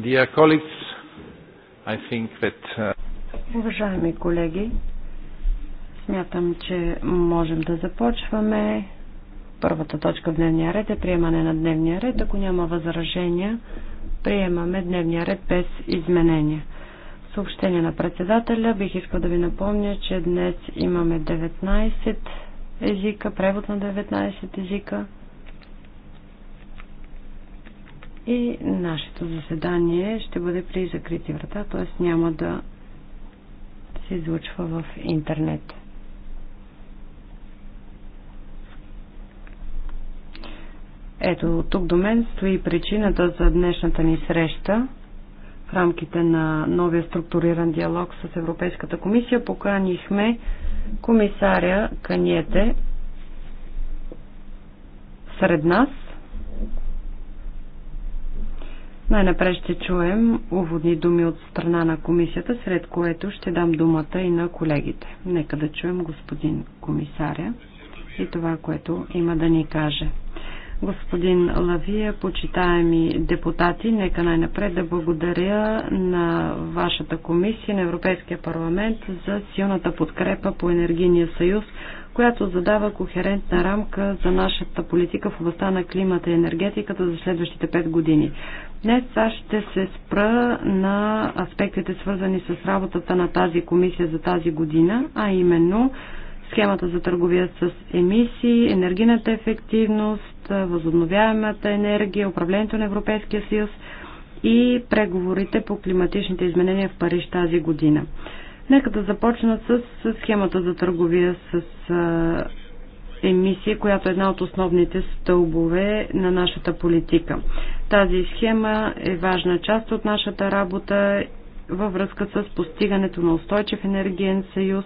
Dear colleagues, I think that... Uh, Уважаеми колеги, смятам, че можем да започваме. Първата точка в дневния ред е приемане на дневния ред. Ако няма възражения, приемаме дневния ред без изменения. Съобщение на председателя. Бих искал да ви напомня, че днес имаме 19 езика, превод на 19 езика и нашето заседание ще бъде при закрити врата, т.е. няма да се излучва в интернет. Ето, тук до мен стои причината за днешната ни среща в рамките на новия структуриран диалог с Европейската комисия. Поканихме комисаря Каниете сред нас – най-напред ще чуем уводни думи от страна на комисията, сред което ще дам думата и на колегите. Нека да чуем господин комисаря и това, което има да ни каже. Господин Лавия, почитаеми депутати, нека най-напред да благодаря на вашата комисия, на Европейския парламент за силната подкрепа по енергийния съюз, която задава кохерентна рамка за нашата политика в областта на климата и енергетиката за следващите 5 години. Днес аз ще се спра на аспектите свързани с работата на тази комисия за тази година, а именно схемата за търговия с емисии, енергийната ефективност, възобновяемата енергия, управлението на Европейския съюз и преговорите по климатичните изменения в Париж тази година. Нека да започна с схемата за търговия с емисии, която е една от основните стълбове на нашата политика. Тази схема е важна част от нашата работа във връзка с постигането на устойчив енергиен съюз,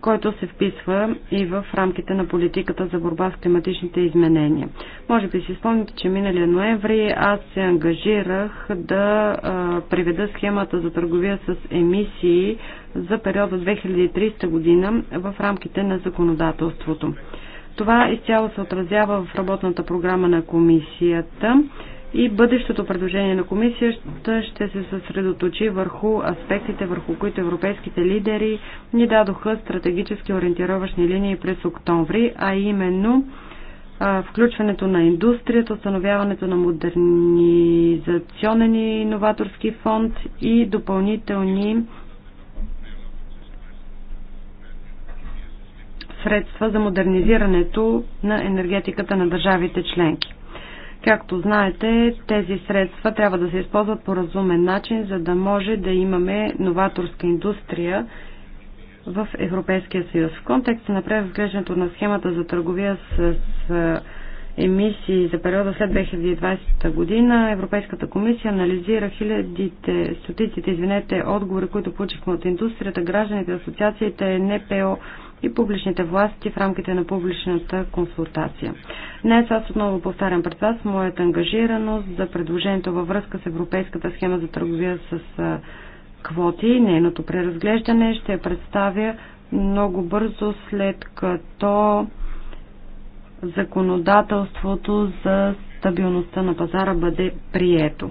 който се вписва и в рамките на политиката за борба с климатичните изменения. Може би си спомните, че миналия ноември аз се ангажирах да а, приведа схемата за търговия с емисии за периода 2030 година в рамките на законодателството. Това изцяло се отразява в работната програма на комисията и бъдещото предложение на комисията ще се съсредоточи върху аспектите, върху които европейските лидери ни дадоха стратегически ориентировъчни линии през октомври, а именно включването на индустрията, установяването на модернизационен и иноваторски фонд и допълнителни средства за модернизирането на енергетиката на държавите членки. Както знаете, тези средства трябва да се използват по разумен начин, за да може да имаме новаторска индустрия в Европейския съюз. В контекста на преразглеждането на схемата за търговия с, с емисии за периода след 2020 година, Европейската комисия анализира хилядите, стотиците, извинете, отговори, които получихме от индустрията, гражданите, асоциациите, НПО и публичните власти в рамките на публичната консултация. Днес аз отново повтарям пред вас моята ангажираност за предложението във връзка с Европейската схема за търговия с квоти. Нейното преразглеждане ще я представя много бързо след като законодателството за стабилността на пазара бъде прието.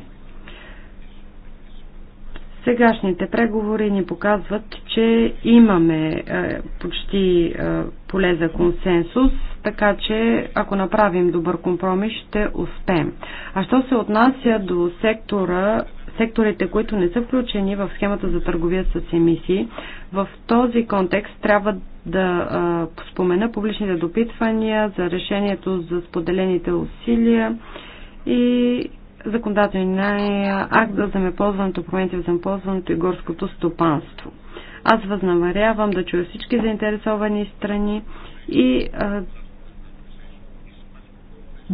Сегашните преговори ни показват, че имаме е, почти е, поле за консенсус, така че ако направим добър компромис, ще успеем. А що се отнася до сектора, секторите, които не са включени в схемата за търговия с емисии, в този контекст трябва да е, спомена публичните допитвания за решението за споделените усилия и законодателен акт за земеползването, промените в земеползването и горското стопанство. Аз възнамерявам да чуя всички заинтересовани страни и а,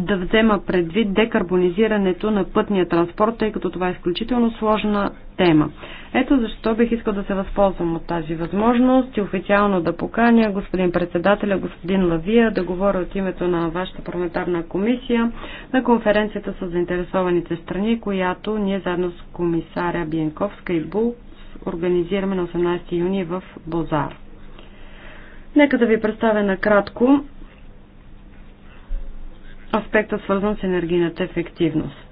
да взема предвид декарбонизирането на пътния транспорт, тъй като това е изключително сложна тема. Ето защо бих искал да се възползвам от тази възможност и официално да поканя господин председателя, господин Лавия, да говоря от името на вашата парламентарна комисия на конференцията с заинтересованите страни, която ние заедно с комисаря Биенковска и Бул организираме на 18 юни в Бозар. Нека да ви представя накратко аспекта, свързан с енергийната ефективност.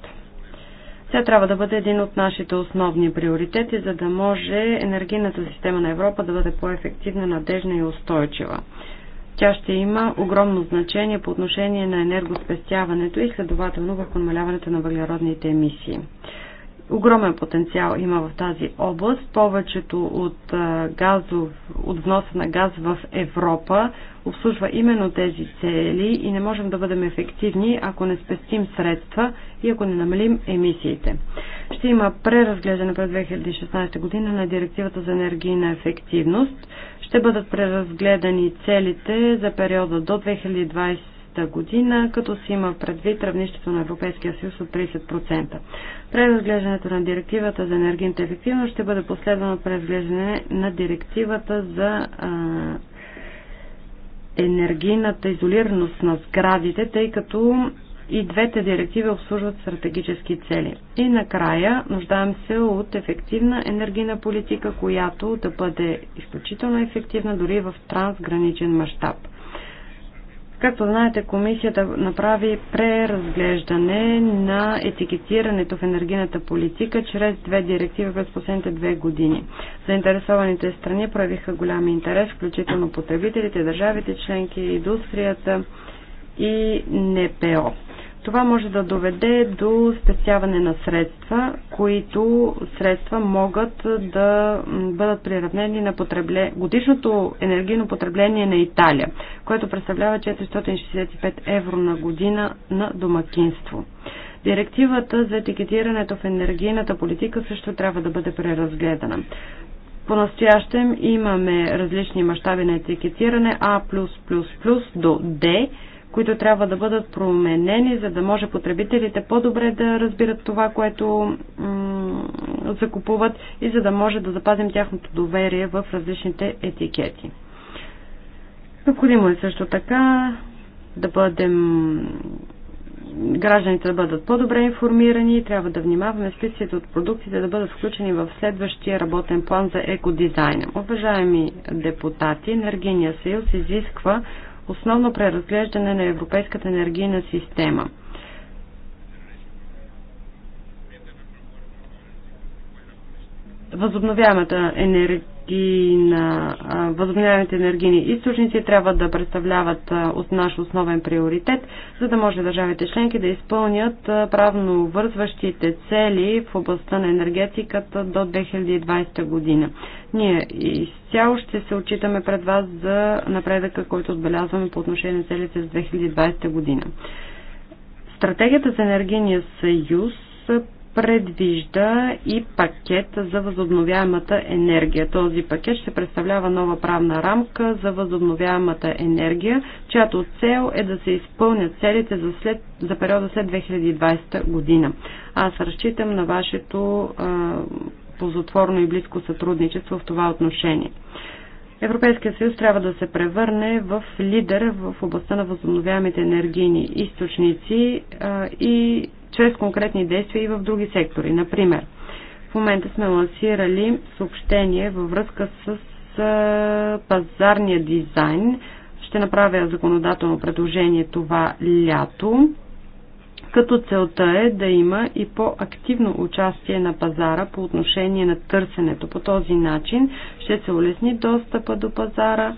Тя трябва да бъде един от нашите основни приоритети, за да може енергийната система на Европа да бъде по-ефективна, надежна и устойчива. Тя ще има огромно значение по отношение на енергоспестяването и следователно върху намаляването на въглеродните емисии. Огромен потенциал има в тази област. Повечето от, газов, от вноса на газ в Европа обслужва именно тези цели и не можем да бъдем ефективни, ако не спестим средства и ако не намалим емисиите. Ще има преразглеждане през 2016 година на Директивата за енергийна ефективност. Ще бъдат преразгледани целите за периода до 2020 2015 година, като се има предвид равнището на Европейския съюз от 30%. Преразглеждането на директивата за енергийната ефективност ще бъде последвано от преразглеждане на директивата за енергийната изолираност на сградите, тъй като и двете директиви обслужват стратегически цели. И накрая нуждаем се от ефективна енергийна политика, която да бъде изключително ефективна дори в трансграничен мащаб. Както знаете, комисията направи преразглеждане на етикетирането в енергийната политика чрез две директиви през последните две години. Заинтересованите страни проявиха голям интерес, включително потребителите, държавите членки, индустрията и НПО. Това може да доведе до спестяване на средства, които средства могат да бъдат приравнени на потребле... годишното енергийно потребление на Италия, което представлява 465 евро на година на домакинство. Директивата за етикетирането в енергийната политика също трябва да бъде преразгледана. По-настоящем имаме различни мащаби на етикетиране А+++ до D, които трябва да бъдат променени, за да може потребителите по-добре да разбират това, което закупуват и за да може да запазим тяхното доверие в различните етикети. Необходимо е също така да бъдем гражданите да бъдат по-добре информирани и трябва да внимаваме списъците от продуктите да бъдат включени в следващия работен план за екодизайна. Уважаеми депутати, Енергийния съюз изисква основно преразглеждане на европейската енергийна система. Възобновяемата енергия и на възобновяемите енергийни източници трябва да представляват от наш основен приоритет, за да може държавите членки да изпълнят правно вързващите цели в областта на енергетиката до 2020 година. Ние изцяло ще се отчитаме пред вас за напредъка, който отбелязваме по отношение на целите за 2020 година. Стратегията за енергийния съюз предвижда и пакет за възобновяемата енергия. Този пакет ще представлява нова правна рамка за възобновяемата енергия, чиято цел е да се изпълнят целите за, след, за периода след 2020 година. Аз разчитам на вашето а, позотворно и близко сътрудничество в това отношение. Европейския съюз трябва да се превърне в лидер в областта на възобновяемите енергийни източници и чрез конкретни действия и в други сектори. Например, в момента сме лансирали съобщение във връзка с пазарния дизайн. Ще направя законодателно предложение това лято, като целта е да има и по-активно участие на пазара по отношение на търсенето. По този начин ще се улесни достъпа до пазара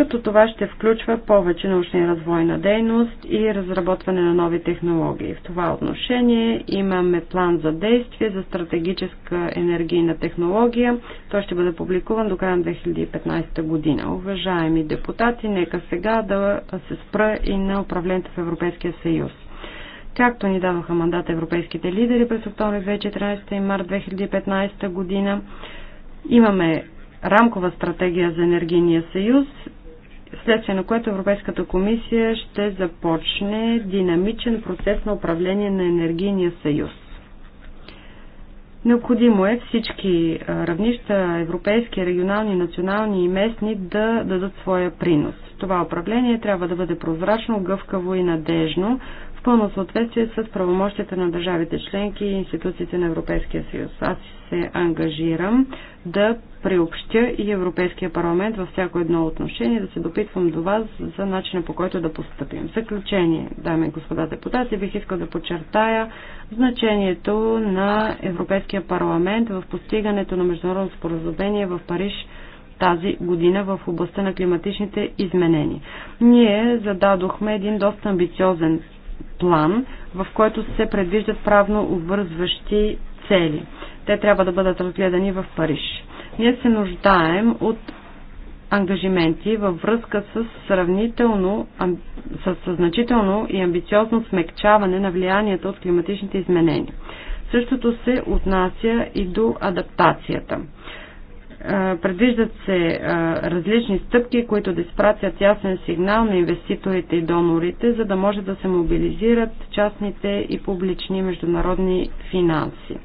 като това ще включва повече научна и развойна дейност и разработване на нови технологии. В това отношение имаме план за действие за стратегическа енергийна технология. Той ще бъде публикуван до края на 2015 година. Уважаеми депутати, нека сега да се спра и на управлението в Европейския съюз. Както ни даваха мандат европейските лидери през октомври 2014 и март 2015 година, имаме рамкова стратегия за енергийния съюз следствие на което Европейската комисия ще започне динамичен процес на управление на енергийния съюз. Необходимо е всички равнища, европейски, регионални, национални и местни, да дадат своя принос. Това управление трябва да бъде прозрачно, гъвкаво и надежно, в пълно съответствие с правомощите на държавите членки и институциите на Европейския съюз. Аз се ангажирам да приобщя и Европейския парламент във всяко едно отношение, да се допитвам до вас за начина по който да поступим. В заключение, дами и господа депутати, бих искал да подчертая значението на Европейския парламент в постигането на международно споразумение в Париж тази година в областта на климатичните изменения. Ние зададохме един доста амбициозен план, в който се предвиждат правно обвързващи цели. Те трябва да бъдат разгледани в Париж. Ние се нуждаем от ангажименти във връзка с сравнително, с значително и амбициозно смекчаване на влиянието от климатичните изменения. Същото се отнася и до адаптацията. Е, предвиждат се е, различни стъпки, които да изпратят ясен сигнал на инвеститорите и донорите, за да може да се мобилизират частните и публични международни финанси.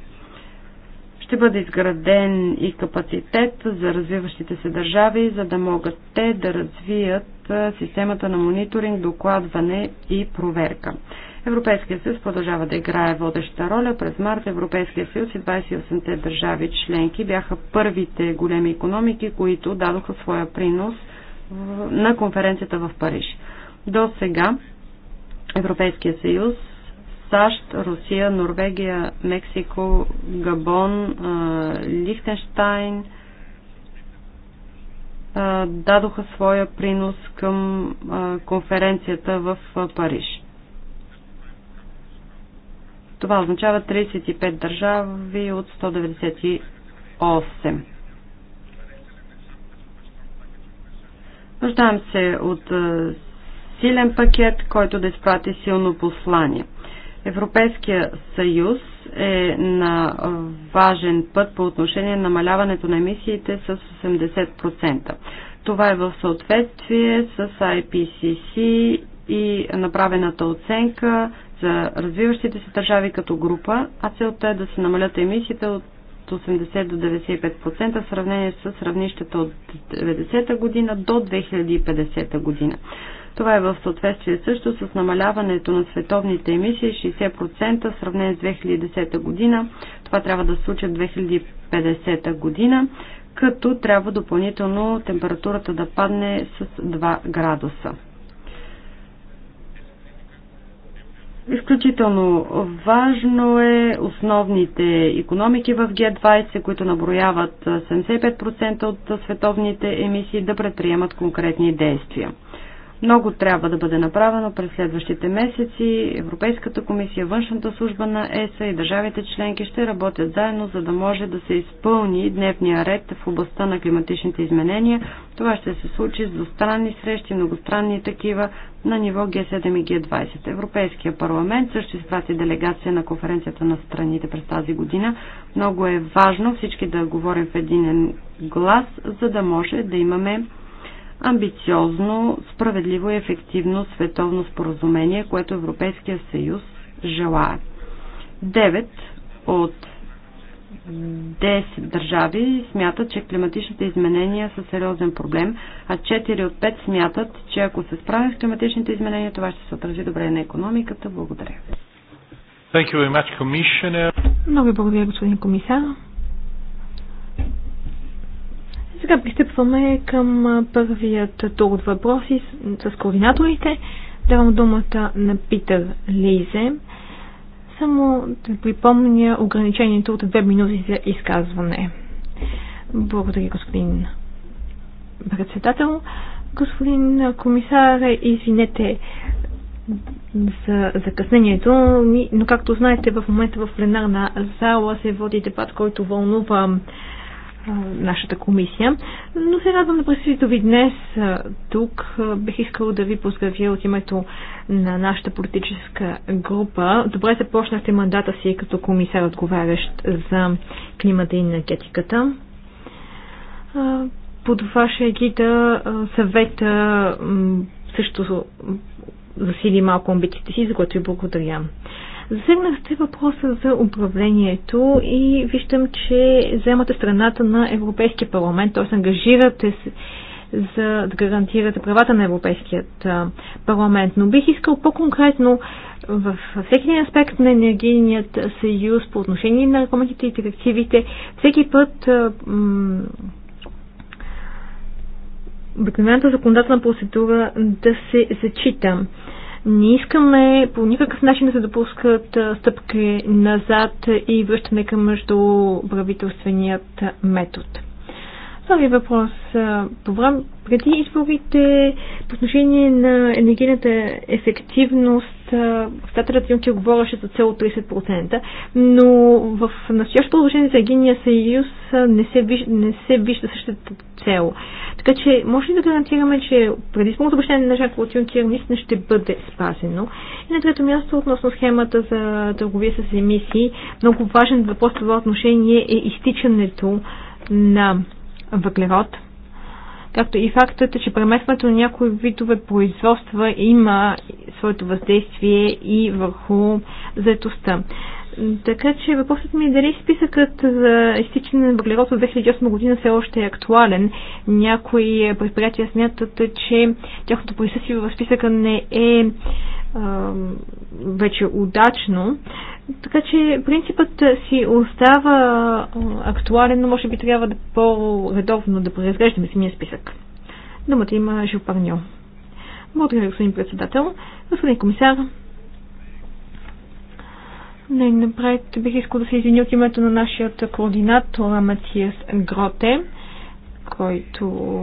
Ще бъде изграден и капацитет за развиващите се държави, за да могат те да развият системата на мониторинг, докладване и проверка. Европейския съюз продължава да играе водеща роля. През март Европейския съюз и 28-те държави членки бяха първите големи економики, които дадоха своя принос на конференцията в Париж. До сега Европейския съюз САЩ, Русия, Норвегия, Мексико, Габон, Лихтенштайн дадоха своя принос към конференцията в Париж. Това означава 35 държави от 198. Нуждаем се от силен пакет, който да изпрати силно послание. Европейския съюз е на важен път по отношение на намаляването на емисиите с 80%. Това е в съответствие с IPCC и направената оценка за развиващите се държави като група, а целта е да се намалят емисиите от 80 до 95% в сравнение с равнището от 90-та година до 2050 година. Това е в съответствие също с намаляването на световните емисии 60% в сравнение с 2010 година. Това трябва да случи в 2050 година, като трябва допълнително температурата да падне с 2 градуса. Изключително важно е основните економики в Г20, които наброяват 75% от световните емисии, да предприемат конкретни действия. Много трябва да бъде направено през следващите месеци. Европейската комисия, външната служба на ЕСА и държавите членки ще работят заедно, за да може да се изпълни дневния ред в областта на климатичните изменения. Това ще се случи с двустранни срещи, многостранни такива на ниво Г7 и Г20. Европейския парламент също изпрати делегация на конференцията на страните през тази година. Много е важно всички да говорим в един глас, за да може да имаме амбициозно, справедливо и ефективно световно споразумение, което Европейския съюз желая. Девет от 10 държави смятат, че климатичните изменения са сериозен проблем, а 4 от 5 смятат, че ако се справим с климатичните изменения, това ще се отрази добре на економиката. Благодаря. Thank you very much, Много ви благодаря, господин комисар. Сега пристъпваме към първият тур от въпроси с, с координаторите. Давам думата на Питър Лизе. Само да припомня ограничението от две минути за изказване. Благодаря, господин председател. Господин комисар, извинете за закъснението, но както знаете в момента в пленарна зала се води дебат, който вълнува нашата комисия. Но се радвам на присъствието ви днес тук. Бих искала да ви поздравя от името на нашата политическа група. Добре започнахте мандата си като комисар, отговарящ за климата и енергетиката. Под ваша егида съвета също засили малко амбициите си, за което ви благодаря. Засегнахте въпроса за управлението и виждам, че вземате страната на Европейския парламент, т.е. ангажирате се за да гарантирате правата на Европейският парламент. Но бих искал по-конкретно в всеки един аспект на енергийният съюз по отношение на рекламите и директивите, всеки път обикновената законодателна процедура да се зачита. Не искаме по никакъв начин да се допускат стъпки назад и връщане към междуправителственият метод. Втори въпрос. По време, преди изборите по отношение на енергийната ефективност председателят Юнкер говореше за цел 30%, но в настоящото положение за Единия съюз не се, вижда, не се вижда същата цел. Така че може ли да гарантираме, че предизборното обещание на Жакова клод Юнкер наистина ще бъде спазено? И на трето място относно схемата за търговия с емисии, много важен въпрос в това отношение е изтичането на въглерод – както и фактът, че преместването на някои видове производства има своето въздействие и върху заетостта. Така че въпросът ми е дали списъкът за изтичане на въглерод от 2008 година все още е актуален. Някои предприятия смятат, че тяхното присъствие в списъка не е а, вече удачно. А, така че принципът си остава актуален, но може би трябва да по-редовно да преразглеждаме самия списък. Думата има Жил Парньо. Благодаря ви, господин председател. Господин комисар, не, напред бих искал да се извиня от името на нашия координатор Матиас Гроте, който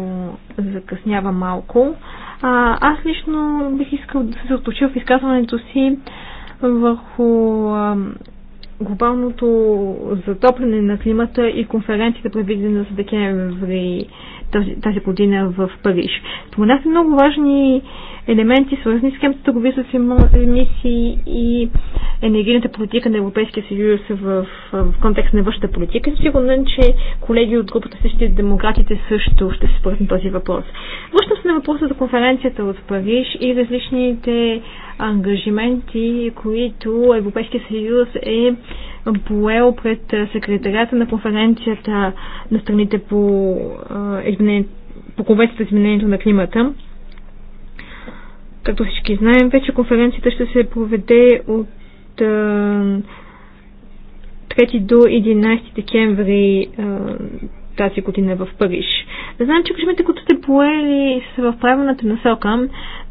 закъснява малко. А, аз лично бих искал да се заточа в изказването си върху глобалното затопляне на климата и конференцията, предвидена за декември тази, година в Париж. Споменахте много важни елементи, свързани с схемата търговия с емисии и енергийната политика на Европейския съюз в, в контекст на външната политика. сигурен, че колеги от групата Същите демократите също ще се спорят на този въпрос. Връщам се на въпроса за конференцията от Париж и различните ангажименти, които Европейския съюз е поел пред секретарията на конференцията на страните по, по конвенцията за изменението на климата. Както всички знаем, вече конференцията ще се проведе от 3 до 11 декември тази година в Париж. Знам, че кажемете, които сте поели са в правилната насока,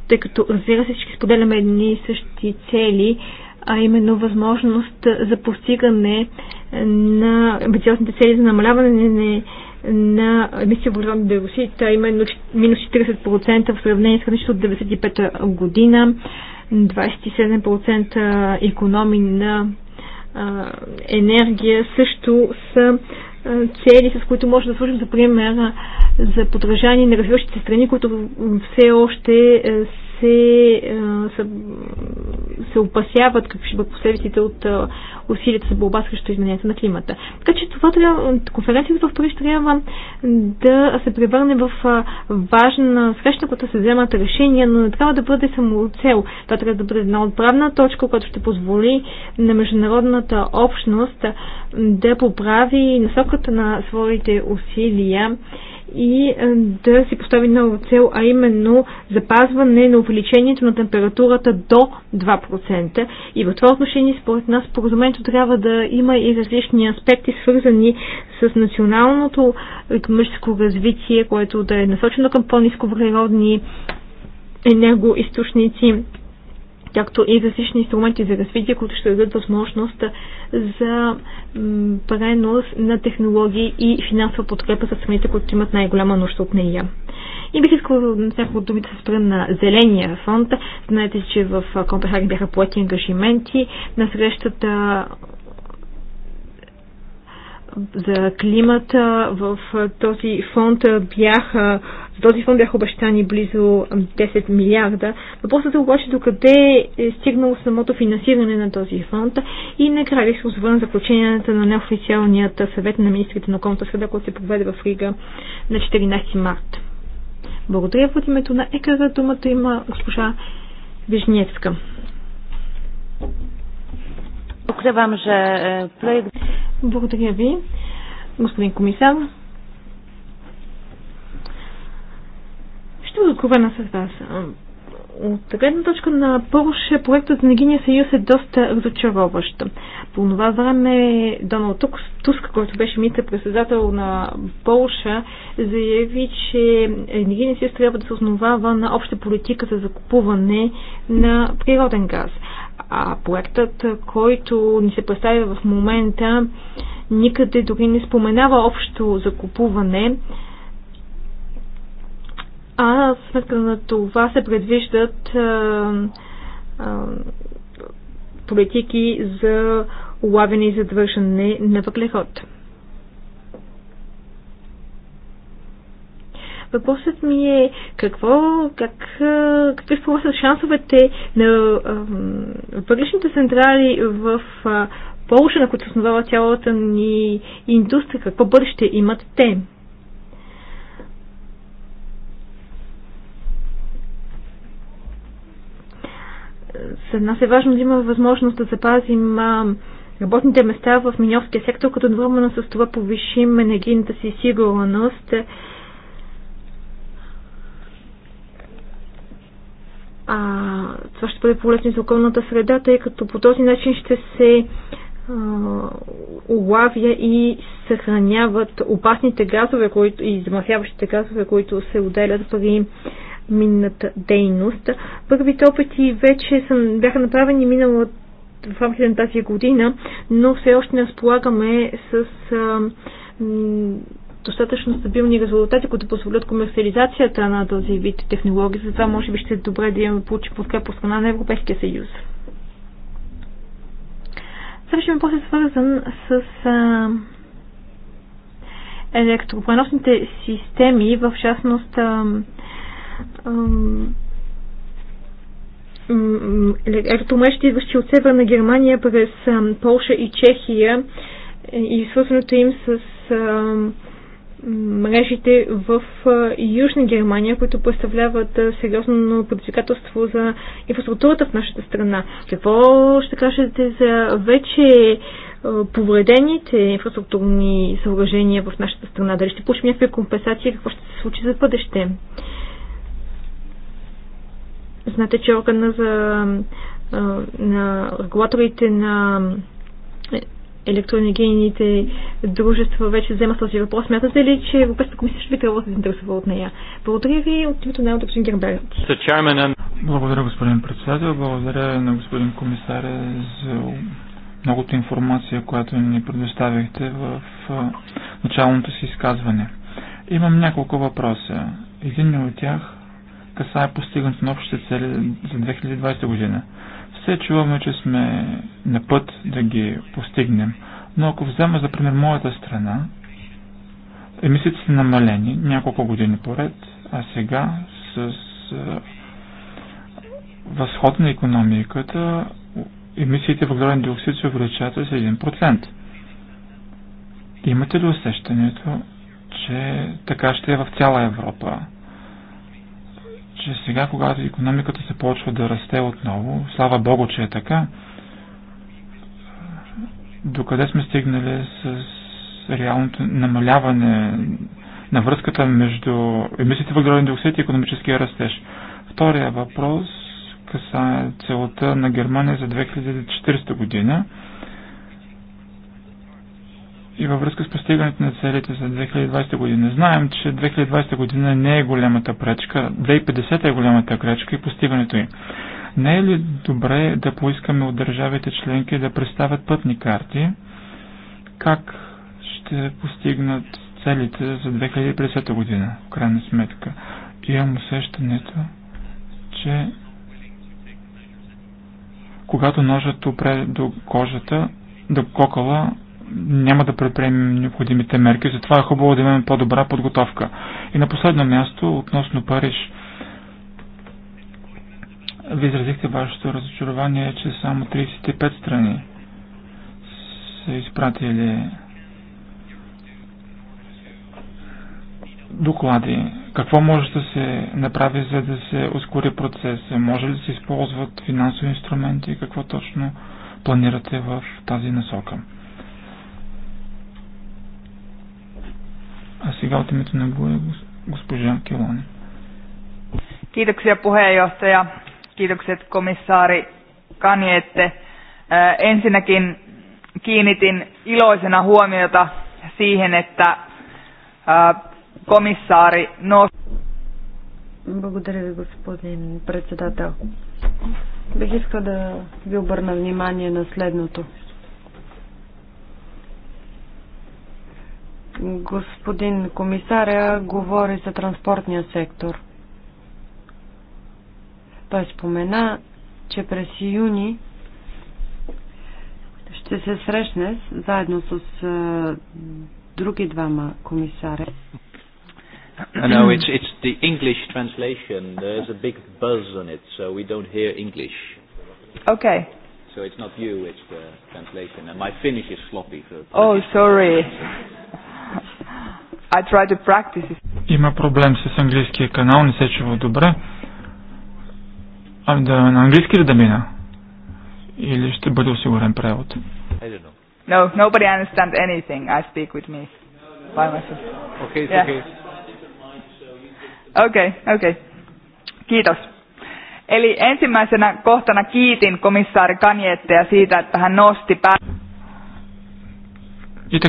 тъй като разбира се, всички споделяме едни и същи цели, а именно възможност за постигане на амбициозните цели за намаляване на на емисия въглероден диоксид, а именно минус 40% в сравнение с хранището от 1995 година, 27% економи на енергия също са цели, с които може да служим за пример за подражание на развиващите страни, които все още е, се, е, са, се опасяват какви ще бъдат последиците от е, усилията за борба срещу изменението на климата. Така че това трябва, конференцията в Париж трябва да се превърне в е, важна среща, която се вземат решения, но не трябва да бъде само цел. Това трябва да бъде една отправна точка, която ще позволи на международната общност да поправи насоката на своите усилия и е, да си постави нова цел, а именно запазване на увеличението на температурата до 2%. И в това отношение, според нас, споразумението трябва да има и различни аспекти, свързани с националното економическо развитие, което да е насочено към по низковъглеродни енергоисточници както и различни инструменти за развитие, които ще дадат възможност за пренос на технологии и финансова подкрепа за страните, които имат най-голяма нужда от нея. И бих искала няколко думи да се спра на зеления фонд. Знаете, че в Копенхаген бяха поети ангажименти на срещата за климата в този фонд бяха за този фонд бяха обещани близо 10 милиарда. Въпросът е обаче до къде е стигнало самото финансиране на този фонд и накрая бих се озвърна заключенията на неофициалният съвет на министрите на околната среда, който се проведе в Рига на 14 март. Благодаря от името на ЕКАРА. Думата има госпожа Вижневска. Покривам, че е, проект... Благодаря ви, господин комисар. Ще бъда откровена с вас. От гледна точка на Порше, проектът на Гиния съюз е доста разочароващ. По това време Доналд Туск, който беше митър председател на Полша, заяви, че Енергийния съюз трябва да се основава на обща политика за закупуване на природен газ. А проектът, който ни се представя в момента, никъде дори не споменава общо закупуване, а в сметка на това се предвиждат а, а, политики за улавяне и задвържане на въглерод. Въпросът ми е какво, как, какви според са шансовете на въглешните централи в а, Полша, на които основава цялата ни индустрия, какво бъдеще имат те? За нас е важно да има възможност да запазим а, работните места в миньовския сектор, като едновременно с това повишим енергийната си сигурност А, това ще бъде полезно за околната среда, тъй като по този начин ще се улавя и съхраняват опасните газове които, и замърсяващите газове, които се отделят при минната дейност. Първите опити вече са, бяха направени минало в рамките на тази година, но все още не разполагаме с а, достатъчно стабилни резултати, които позволят комерциализацията на този вид технологии. Затова може би ще е добре да имаме получи подкрепа от страна на Европейския съюз. Следващия въпрос е свързан с а, електропреносните системи, в частност а, а, електромрежите, идващи от Северна Германия през Полша и Чехия и свързаното им с а, мрежите в Южна Германия, които представляват сериозно предизвикателство за инфраструктурата в нашата страна. Какво ще кажете за вече повредените инфраструктурни съоръжения в нашата страна? Дали ще получим някакви компенсации? Какво ще се случи за бъдеще? Знаете, че органа за на регулаторите на електроенергийните дружества вече вземат този въпрос. Смятате ли, че Европейската комисия ще би трябвало да се интересува от нея? Благодаря ви от името на господин Герберт. Благодаря, господин председател. Благодаря на господин комисаря за многото информация, която ни предоставихте в началното си изказване. Имам няколко въпроса. Един от тях касае постигането на общите цели за 2020 година се чуваме, че сме на път да ги постигнем. Но ако взема за пример моята страна, емисиите са намалени няколко години поред, а сега с възход на економиката емисиите въглероден диоксид се увеличават с 1%. Имате ли усещането, че така ще е в цяла Европа? че сега, когато економиката се почва да расте отново, слава Богу, че е така, докъде сме стигнали с реалното намаляване на връзката между емисиите въглероден диоксид и економическия растеж. Втория въпрос касае целта на Германия за 2040 година и във връзка с постигането на целите за 2020 година. Знаем, че 2020 година не е голямата пречка, 2050 е голямата пречка и постигането им. Не е ли добре да поискаме от държавите членки да представят пътни карти, как ще постигнат целите за 2050 година, в крайна сметка? Имам усещането, че когато ножът опре до кожата, до кокала, няма да предприемем необходимите мерки, затова е хубаво да имаме по-добра подготовка. И на последно място, относно Париж, ви изразихте вашето разочарование, че само 35 страни са изпратили доклади. Какво може да се направи, за да се ускори процеса? Може ли да се използват финансови инструменти? Какво точно планирате в тази насока? А сега от името на Гуе госпожа Келони. Kiitoksia puheenjohtaja, kiitokset komissaari Kaniette. Ensinnäkin kiinnitin iloisena huomiota siihen, että komissaari nosti. Благодаря ви, господин председател. Бих искал да ви обърна внимание на следното. Господин комисаря говори за транспортния сектор. Той спомена, че през юни ще се срещне заедно с uh, други двама комисаря. No, it's, it's the English translation. There's a big buzz on it, so we don't hear English. Okay. So it's not you, it's the translation. And my Finnish is sloppy. So oh, sorry. I try to practice. Има проблем с английския канал, не се чува добре. А да, на английски ли да мина? Или ще бъде осигурен превод? No, nobody understand anything. I speak with me. By myself. Okay, it's yeah. okay. Okay, okay. Kiitos. Eli ensimmäisenä kohtana kiitin komissaari Kanjettea siitä, että hän nosti pää... И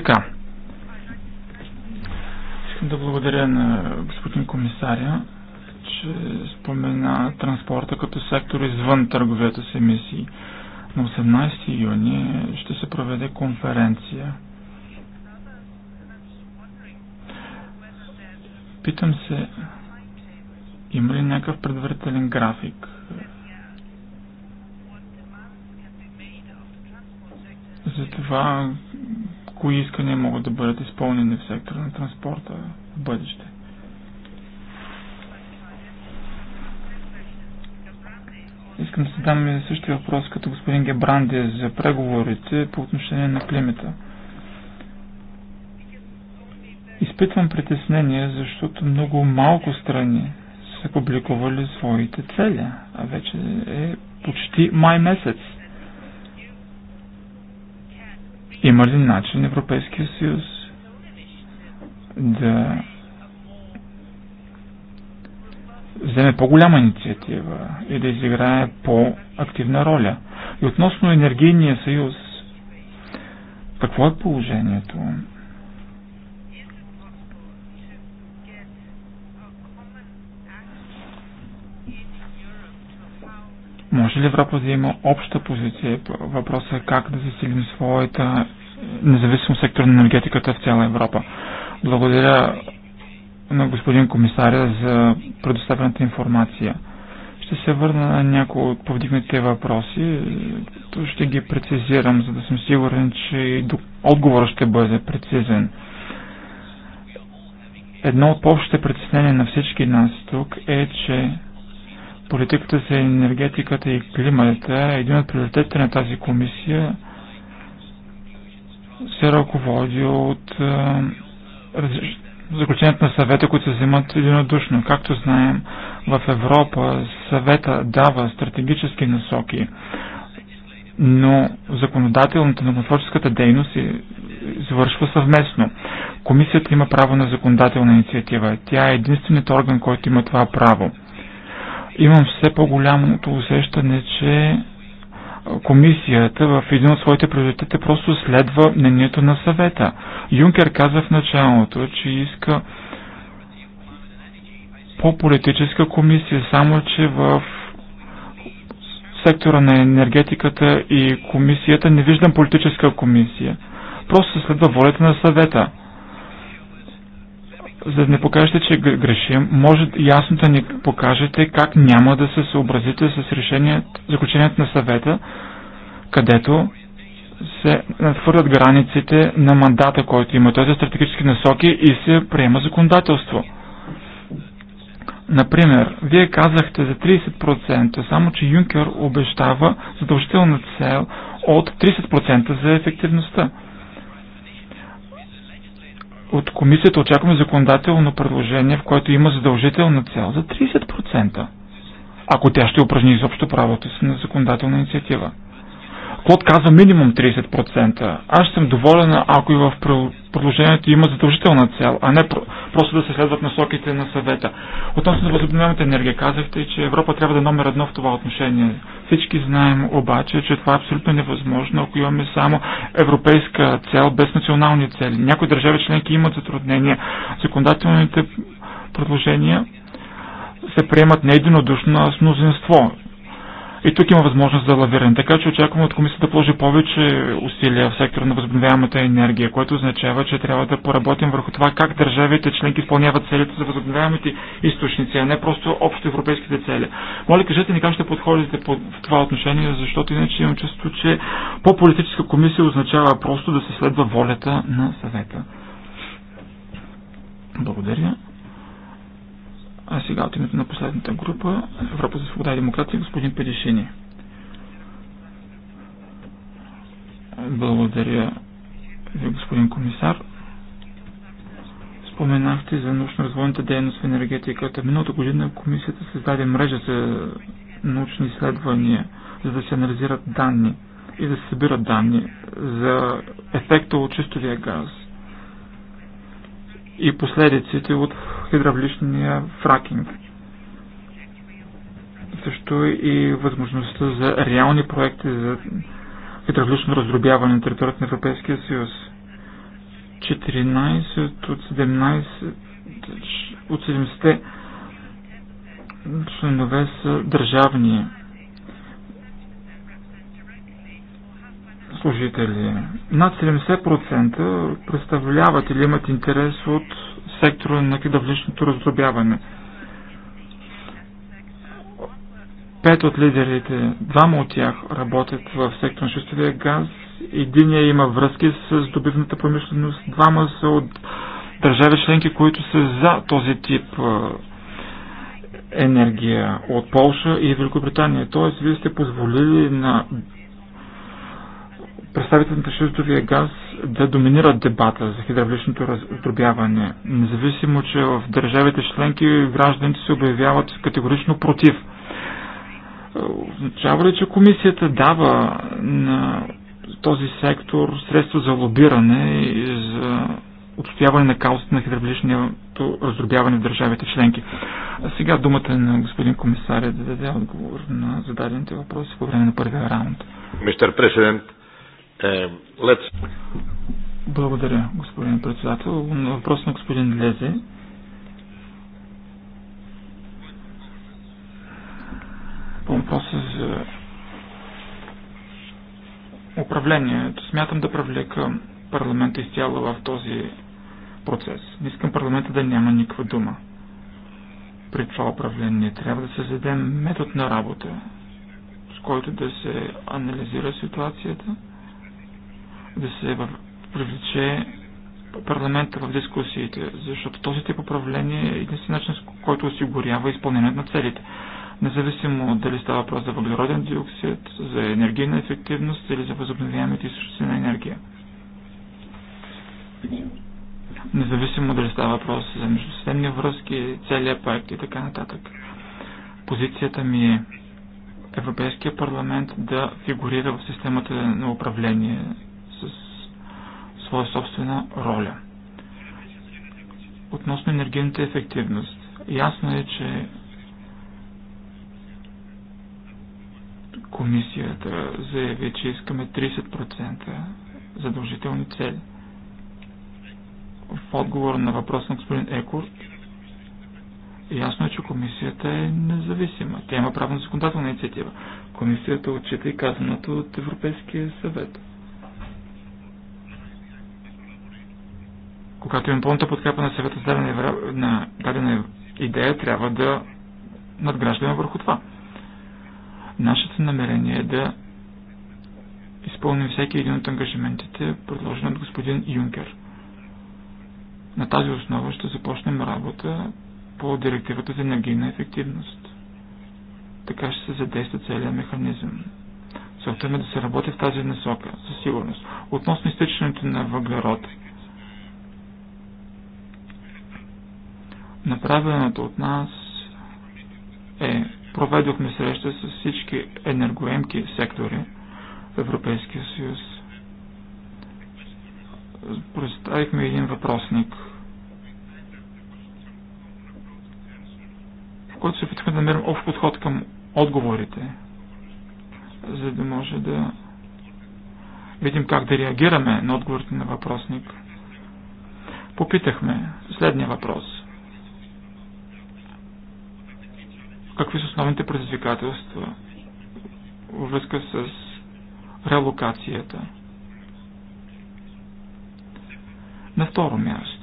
да благодаря на господин комисаря, че спомена транспорта като сектор извън търговията с емисии. На 18 юни ще се проведе конференция. Питам се, има ли някакъв предварителен график? За това кои искания могат да бъдат изпълнени в сектора на транспорта в бъдеще. Искам да задам същия въпрос като господин Гебранди за преговорите по отношение на климата. Изпитвам притеснение, защото много малко страни са публикували своите цели, а вече е почти май месец. Има ли начин Европейския съюз да вземе по-голяма инициатива и да изиграе по-активна роля? И относно енергийния съюз, какво е положението? Може ли Европа да има обща позиция? Въпросът е как да засилим своята независимо сектор на енергетиката в цяла Европа. Благодаря на господин комисаря за предоставената информация. Ще се върна на някои от повдигнатите въпроси. То ще ги прецизирам, за да съм сигурен, че отговорът ще бъде прецизен. Едно от общите притеснения на всички нас тук е, че Политиката за енергетиката и климата е един от приоритетите на тази комисия се ръководи от заключението на съвета, които се взимат единодушно. Както знаем, в Европа съвета дава стратегически насоки, но законодателната нормотворческата дейност извършва съвместно. Комисията има право на законодателна инициатива. Тя е единственият орган, който има това право. Имам все по-голямото усещане, че комисията в един от своите приоритети просто следва мнението на съвета. Юнкер каза в началото, че иска по-политическа комисия, само че в сектора на енергетиката и комисията не виждам политическа комисия. Просто следва волята на съвета за да не покажете, че грешим, може ясно да ни покажете как няма да се съобразите с решението, заключението на съвета, където се надхвърлят границите на мандата, който има. Той е за стратегически насоки и се приема законодателство. Например, вие казахте за 30%, само че Юнкер обещава задължителна цел от 30% за ефективността. От комисията очакваме законодателно предложение, в което има задължителна цел за 30%, ако тя ще упражни изобщо правото си на законодателна инициатива. Клод казва минимум 30%. Аз съм доволен, ако и в продължението има задължителна цел, а не просто да се следват насоките на съвета. Относно възобновяемата енергия, казахте, че Европа трябва да е номер едно в това отношение. Всички знаем обаче, че това е абсолютно невъзможно, ако имаме само европейска цел без национални цели. Някои държави членки имат затруднения. Законодателните предложения се приемат не единодушно, а с мнозинство. И тук има възможност за лавиране. Така че очакваме от комисията да положи повече усилия в сектора на възобновяемата енергия, което означава, че трябва да поработим върху това как държавите членки изпълняват целите за възобновяемите източници, а не просто общо европейските цели. Моля, кажете ни как ще подходите по това отношение, защото иначе имам чувство, че по-политическа комисия означава просто да се следва волята на съвета. Благодаря. А сега от името на последната група, Европа за свобода и демокрация, господин Педишини. Благодаря ви, господин комисар. Споменахте за научно-развойната дейност в енергетиката. Миналата година комисията създаде мрежа за научни изследвания, за да се анализират данни и да се събират данни за ефекта от чистовия газ и последиците от хидравличния фракинг. Също и възможността за реални проекти за хидравлично раздробяване на територията на Европейския съюз. 14 от 17 от 70 членове са държавни служители. Над 70% представляват или имат интерес от сектора на кедавличното раздробяване. Пет от лидерите, двама от тях работят в сектора на шестовия газ, единия има връзки с добивната промишленост, двама са от държави членки, които са за този тип енергия от Полша и Великобритания. Тоест, вие сте позволили на представителите на шистовия газ да доминират дебата за хидравличното раздробяване. Независимо, че в държавите членки гражданите се обявяват категорично против. Означава ли, че комисията дава на този сектор средство за лобиране и за отстояване на каузата на хидравличното раздробяване в държавите членки. А сега думата на господин комисаря да даде отговор на зададените въпроси по време на първия раунд. Мистер Президент, Ehm, Благодаря, господин председател. Въпрос на господин Лезе. По въпроса за управлението, смятам да привлека парламента изцяло в този процес. Не искам парламента да няма никаква дума. При това управление трябва да създадем метод на работа, с който да се анализира ситуацията – да се привлече парламента в дискусиите, защото този тип управление е единствен начин, който осигурява изпълнението на целите. Независимо дали става въпрос за въглероден диоксид, за енергийна ефективност или за възобновяемите източници на енергия. Независимо дали става въпрос за междусистемни връзки, целият проект и така нататък. Позицията ми е Европейския парламент да фигурира в системата на управление своя собствена роля. Относно енергийната ефективност. Ясно е, че комисията заяви, че искаме 30% задължителни цели. В отговор на въпрос на господин Екор, ясно е, че комисията е независима. Тя има право на законодателна инициатива. Комисията отчита и казаното от Европейския съвет. Когато имам пълната подкрепа на съвета за дадена, на дадена идея, трябва да надграждаме върху това. Нашето намерение е да изпълним всеки един от ангажиментите, предложен от господин Юнкер. На тази основа ще започнем работа по директивата за енергийна ефективност. Така ще се задейства целият механизъм. Целта е да се работи в тази насока, със сигурност. Относно изтичането на въглерод, Направеното от нас е проведохме среща с всички енергоемки сектори в Европейския съюз. Представихме един въпросник, в който се опитахме да намерим общ подход към отговорите, за да може да видим как да реагираме на отговорите на въпросник. Попитахме следния въпрос – какви са основните предизвикателства във връзка с релокацията. На второ място,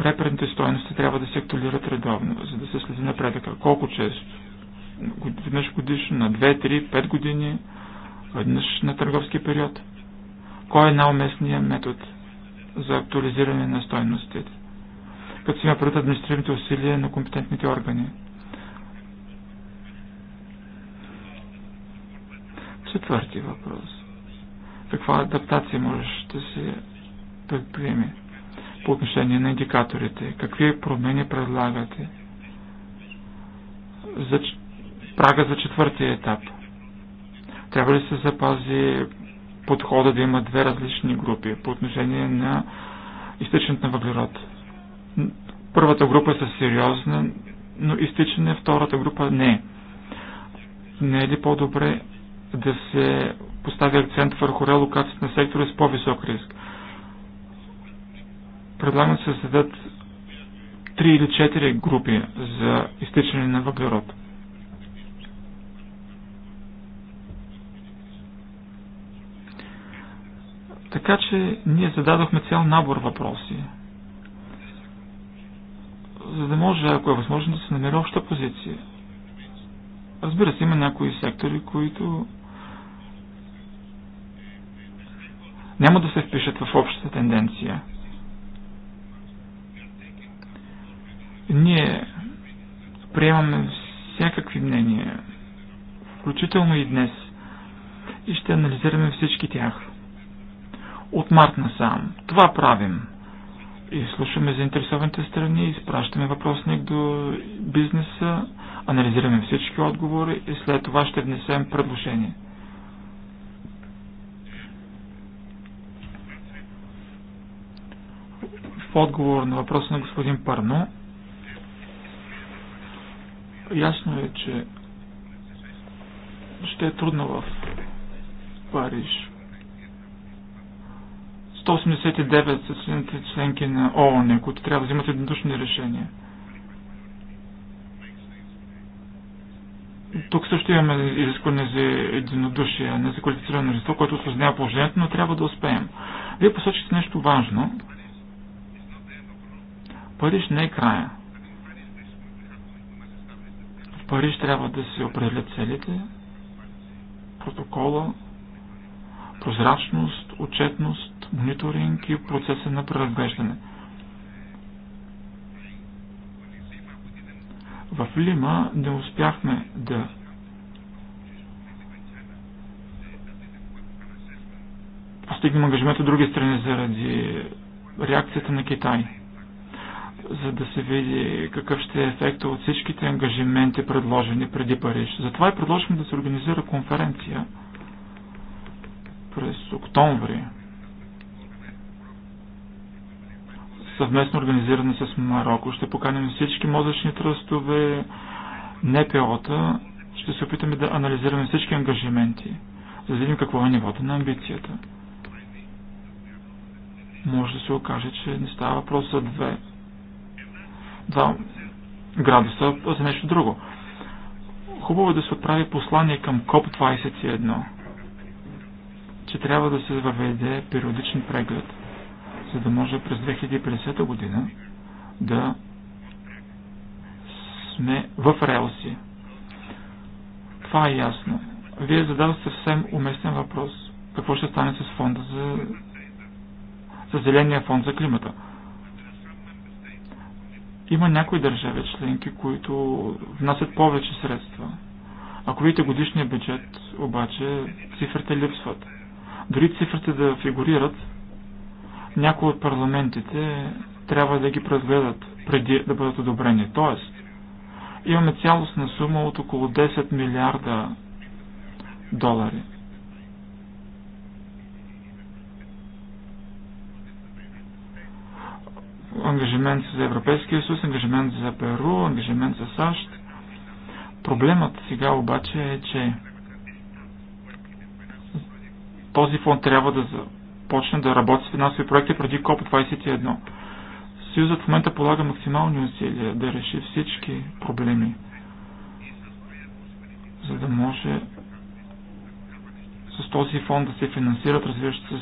реперните стоености трябва да се актуалират редовно, за да се следи напредъка. Колко често? Веднъж годишно, на 2, 3, 5 години, веднъж на търговски период. Кой е най-уместният метод за актуализиране на стоеностите? Като се има пред административните усилия на компетентните органи – Четвърти въпрос. Каква адаптация можеш да се предприеме по отношение на индикаторите? Какви промени предлагате за прага за четвъртия етап? Трябва ли се запази подхода да има две различни групи по отношение на изтичането на въглерод? Първата група е сериозна, но изтичане втората група не. Не е ли по-добре да се постави акцент върху релокацията на сектори с по-висок риск. Предлагам да се създадат 3 или 4 групи за изтичане на въглерод. Така че ние зададохме цял набор въпроси, за да може, ако е възможно, да се намери обща позиция. Разбира се, има някои сектори, които няма да се впишат в общата тенденция. Ние приемаме всякакви мнения, включително и днес, и ще анализираме всички тях. От март насам. Това правим. И слушаме заинтересованите страни, изпращаме въпросник до бизнеса, анализираме всички отговори и след това ще внесем предложение. В отговор на въпроса на господин Парно, ясно е, че ще е трудно в Париж. 189 са следните членки на ООН, които трябва да взимат еднодушни решения. Тук също имаме изискване за единодушие, не за квалифицирано решение, което осъзнава положението, но трябва да успеем. Вие посочите нещо важно, Париж не е края. В Париж трябва да се определят целите, протокола, прозрачност, отчетност, мониторинг и процеса на преразглеждане. В Лима не успяхме да постигнем ангажимент от други страни заради реакцията на Китай за да се види какъв ще е ефекта от всичките ангажименти, предложени преди Париж. Затова и предложихме да се организира конференция през октомври, съвместно организирана с Марокко. Ще поканим всички мозъчни тръстове, НПО-та. Ще се опитаме да анализираме всички ангажименти, за да видим какво е нивото на амбицията. Може да се окаже, че не става въпрос за две 2 градуса за нещо друго. Хубаво е да се отправи послание към КОП-21, че трябва да се въведе периодичен преглед, за да може през 2050 година да сме в релси. Това е ясно. Вие зададохте съвсем уместен въпрос. Какво ще стане с фонда за, за зеления фонд за климата? Има някои държави членки, които внасят повече средства. Ако видите годишния бюджет, обаче цифрите липсват. Дори цифрите да фигурират, някои от парламентите трябва да ги прегледат преди да бъдат одобрени. Тоест, имаме цялостна сума от около 10 милиарда долари. ангажимент за Европейския съюз, ангажимент за Перу, ангажимент за САЩ. Проблемът сега обаче е, че този фонд трябва да започне да работи с финансови проекти преди КОП-21. Съюзът в момента полага максимални усилия да реши всички проблеми, за да може с този фонд да се финансират развиващите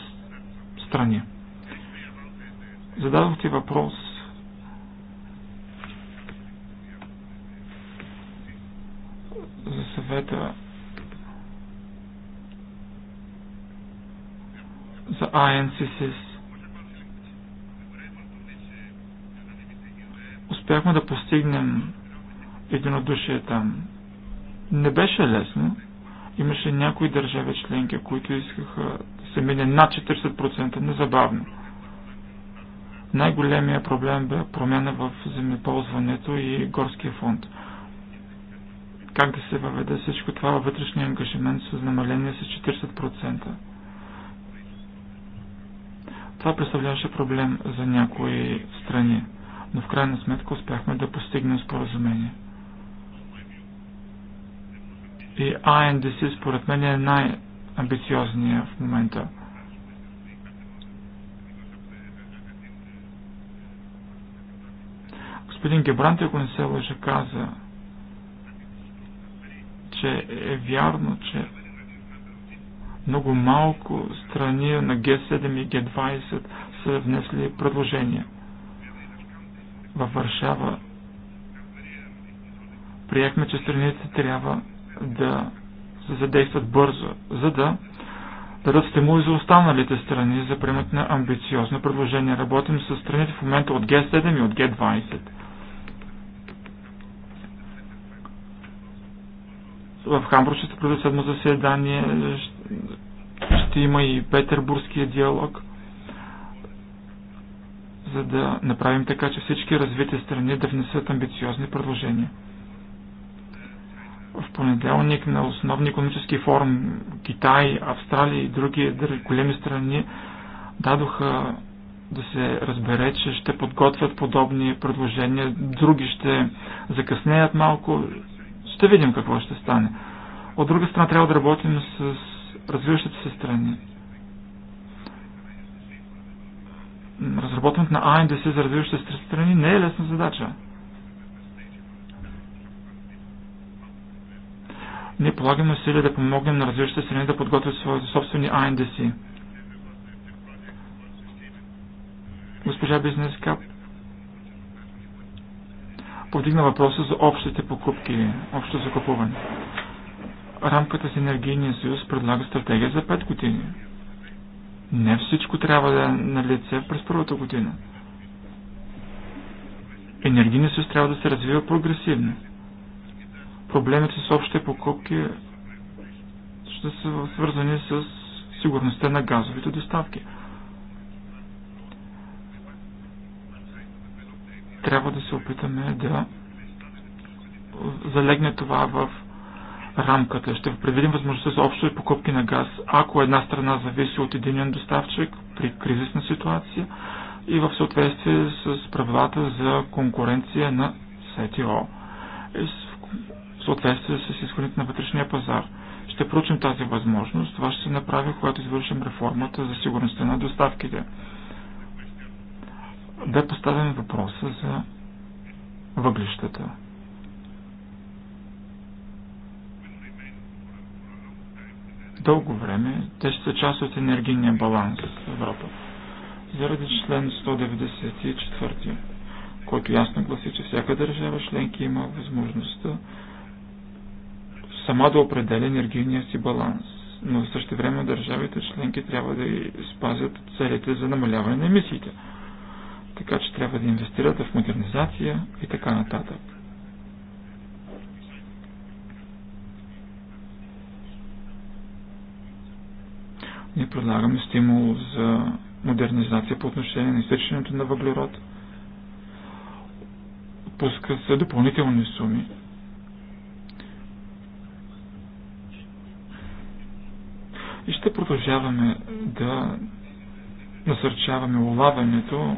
страни ти въпрос за съвета за INCCS. Успяхме да постигнем единодушие там. Не беше лесно. Имаше някои държави членки, които искаха да се мине над 40% незабавно. Най-големия проблем бе промяна в земеползването и горския фонд. Как да се въведе всичко това вътрешния ангажимент с намаление с 40%? Това представляваше проблем за някои страни, но в крайна сметка успяхме да постигнем споразумение. И АНДС според мен е най-амбициозния в момента – Господин Гебранти, ако не се лъжа, каза, че е вярно, че много малко страни на Г7 и Г20 са внесли предложения. Във Варшава приехме, че страните трябва да се задействат бързо, за да дадат и за останалите страни за приемат на амбициозно предложение. Работим с страните в момента от Г7 и от Г20. в Хамбург ще се проведе седмо заседание, ще има и петербургския диалог, за да направим така, че всички развити страни да внесат амбициозни предложения. В понеделник на основни економически форум Китай, Австралия и други големи страни дадоха да се разбере, че ще подготвят подобни предложения, други ще закъснеят малко, ще видим какво ще стане. От друга страна трябва да работим с развиващите се страни. Разработването на АНДС за развиващите се страни не е лесна задача. Ние полагаме усилия да помогнем на развиващите страни да подготвят своите собствени АНДС. Госпожа Бизнес Кап повдигна въпроса за общите покупки, общо закупуване. Рамката с енергийния съюз предлага стратегия за 5 години. Не всичко трябва да е на лице през първата година. Енергийният съюз трябва да се развива прогресивно. Проблемите с общите покупки ще са свързани с сигурността на газовите доставки – Трябва да се опитаме да залегне това в рамката. Ще предвидим възможността за общо и покупки на газ, ако една страна зависи от един доставчик при кризисна ситуация и в съответствие с правилата за конкуренция на СТО и в съответствие с изходите на вътрешния пазар. Ще проучим тази възможност. Това ще се направи, когато извършим реформата за сигурността на доставките бе поставен въпроса за въглищата. Дълго време те ще са част от енергийния баланс в Европа. Заради член 194, който ясно гласи, че всяка държава членки има възможността сама да определя енергийния си баланс. Но в същото време държавите членки трябва да спазят целите за намаляване на емисиите така че трябва да инвестирате в модернизация и така нататък. Ние предлагаме стимул за модернизация по отношение на изтичането на въглерод. Пускат се допълнителни суми. И ще продължаваме да насърчаваме улавянето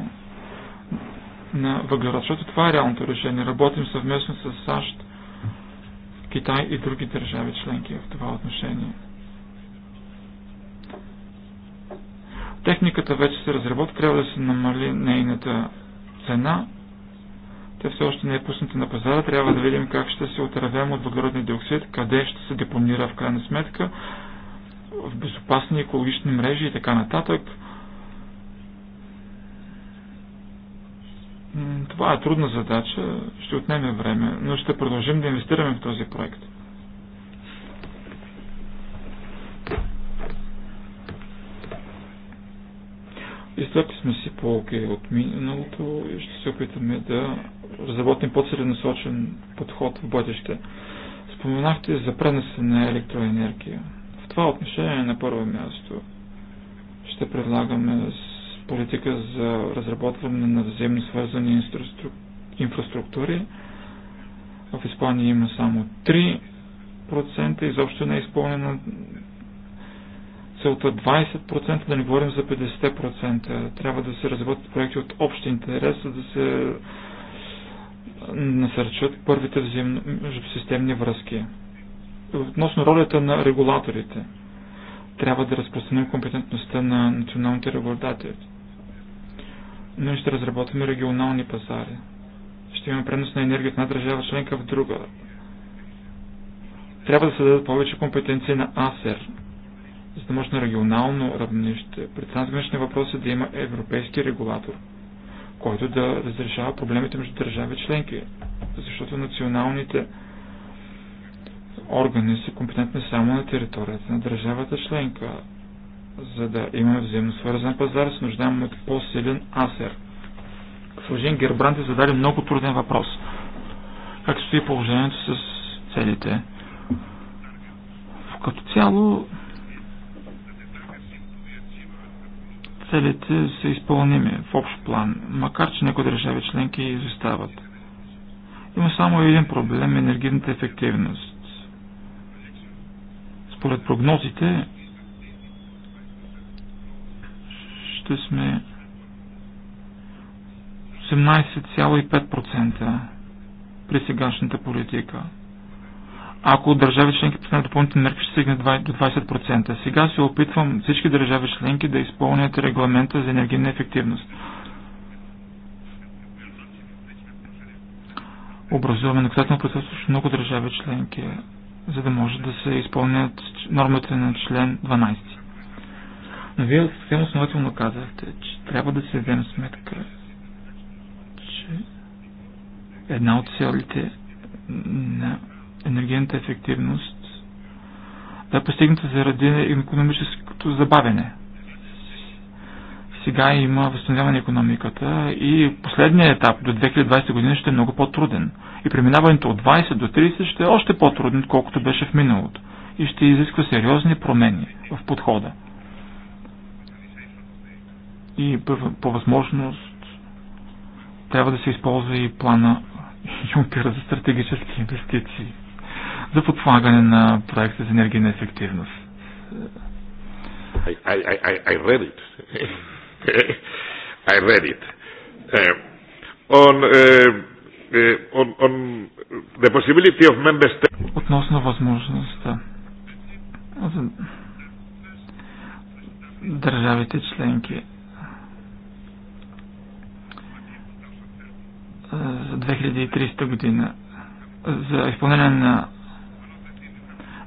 на въглерод, защото това е реалното решение. Работим съвместно с САЩ, Китай и други държави членки в това отношение. Техниката вече се разработва, трябва да се намали нейната цена. Тя все още не е пусната на пазара. Трябва да видим как ще се отравяме от въглеродния диоксид, къде ще се депонира в крайна сметка, в безопасни екологични мрежи и така нататък. Това е трудна задача, ще отнеме време, но ще продължим да инвестираме в този проект. Изтърпли сме си полки от миналото и ще се опитаме да разработим по-целенасочен подход в бъдеще. Споменахте за пренеса на електроенергия. В това отношение на първо място ще предлагаме политика за разработване на взаимно свързани инфраструктури. В Испания има само 3%, изобщо не е изпълнена целта 20%, да не говорим за 50%. Трябва да се разработят проекти от общ интерес, за да се насърчат първите взаимно системни връзки. Относно ролята на регулаторите, трябва да разпространим компетентността на националните регулатори ние ще разработваме регионални пазари. Ще имаме пренос на енергия от една държава членка в друга. Трябва да се дадат повече компетенции на АСЕР, за да може на регионално равнище при трансгранични въпроси да има европейски регулатор, който да разрешава проблемите между държави членки, защото националните органи са компетентни само на територията на държавата членка за да имаме взаимно свързан пазар, се нуждаем от по-силен асер. Служен Гербранд е задали много труден въпрос. Как стои положението с целите? Като цяло, целите са изпълними в общ план, макар че някои държави членки изостават. Има само един проблем – енергийната ефективност. Според прогнозите, ще сме 18,5% при сегашната политика. Ако държави членки постановят допълнителни мерки, ще стигне до 20%. Сега се опитвам всички държави членки да изпълнят регламента за енергийна ефективност. Образуваме наказателно процесство в много държави членки, за да може да се изпълнят нормите на член 12. Но вие съвсем основателно казахте, че трябва да се вземе сметка, че една от целите на енергийната ефективност да е постигната заради економическото забавене. Сега има възстановяване на економиката и последният етап до 2020 година ще е много по-труден. И преминаването от 20 до 30 ще е още по труден колкото беше в миналото. И ще изисква сериозни промени в подхода и по възможност трябва да се използва и плана Юнкера за стратегически инвестиции за подслагане на проекта за енергийна ефективност. I, I, I, I read it. I read it. Uh, on, uh, uh, on, on the possibility of member states. Относно възможността държавите членки за 2030 година, за изпълнение на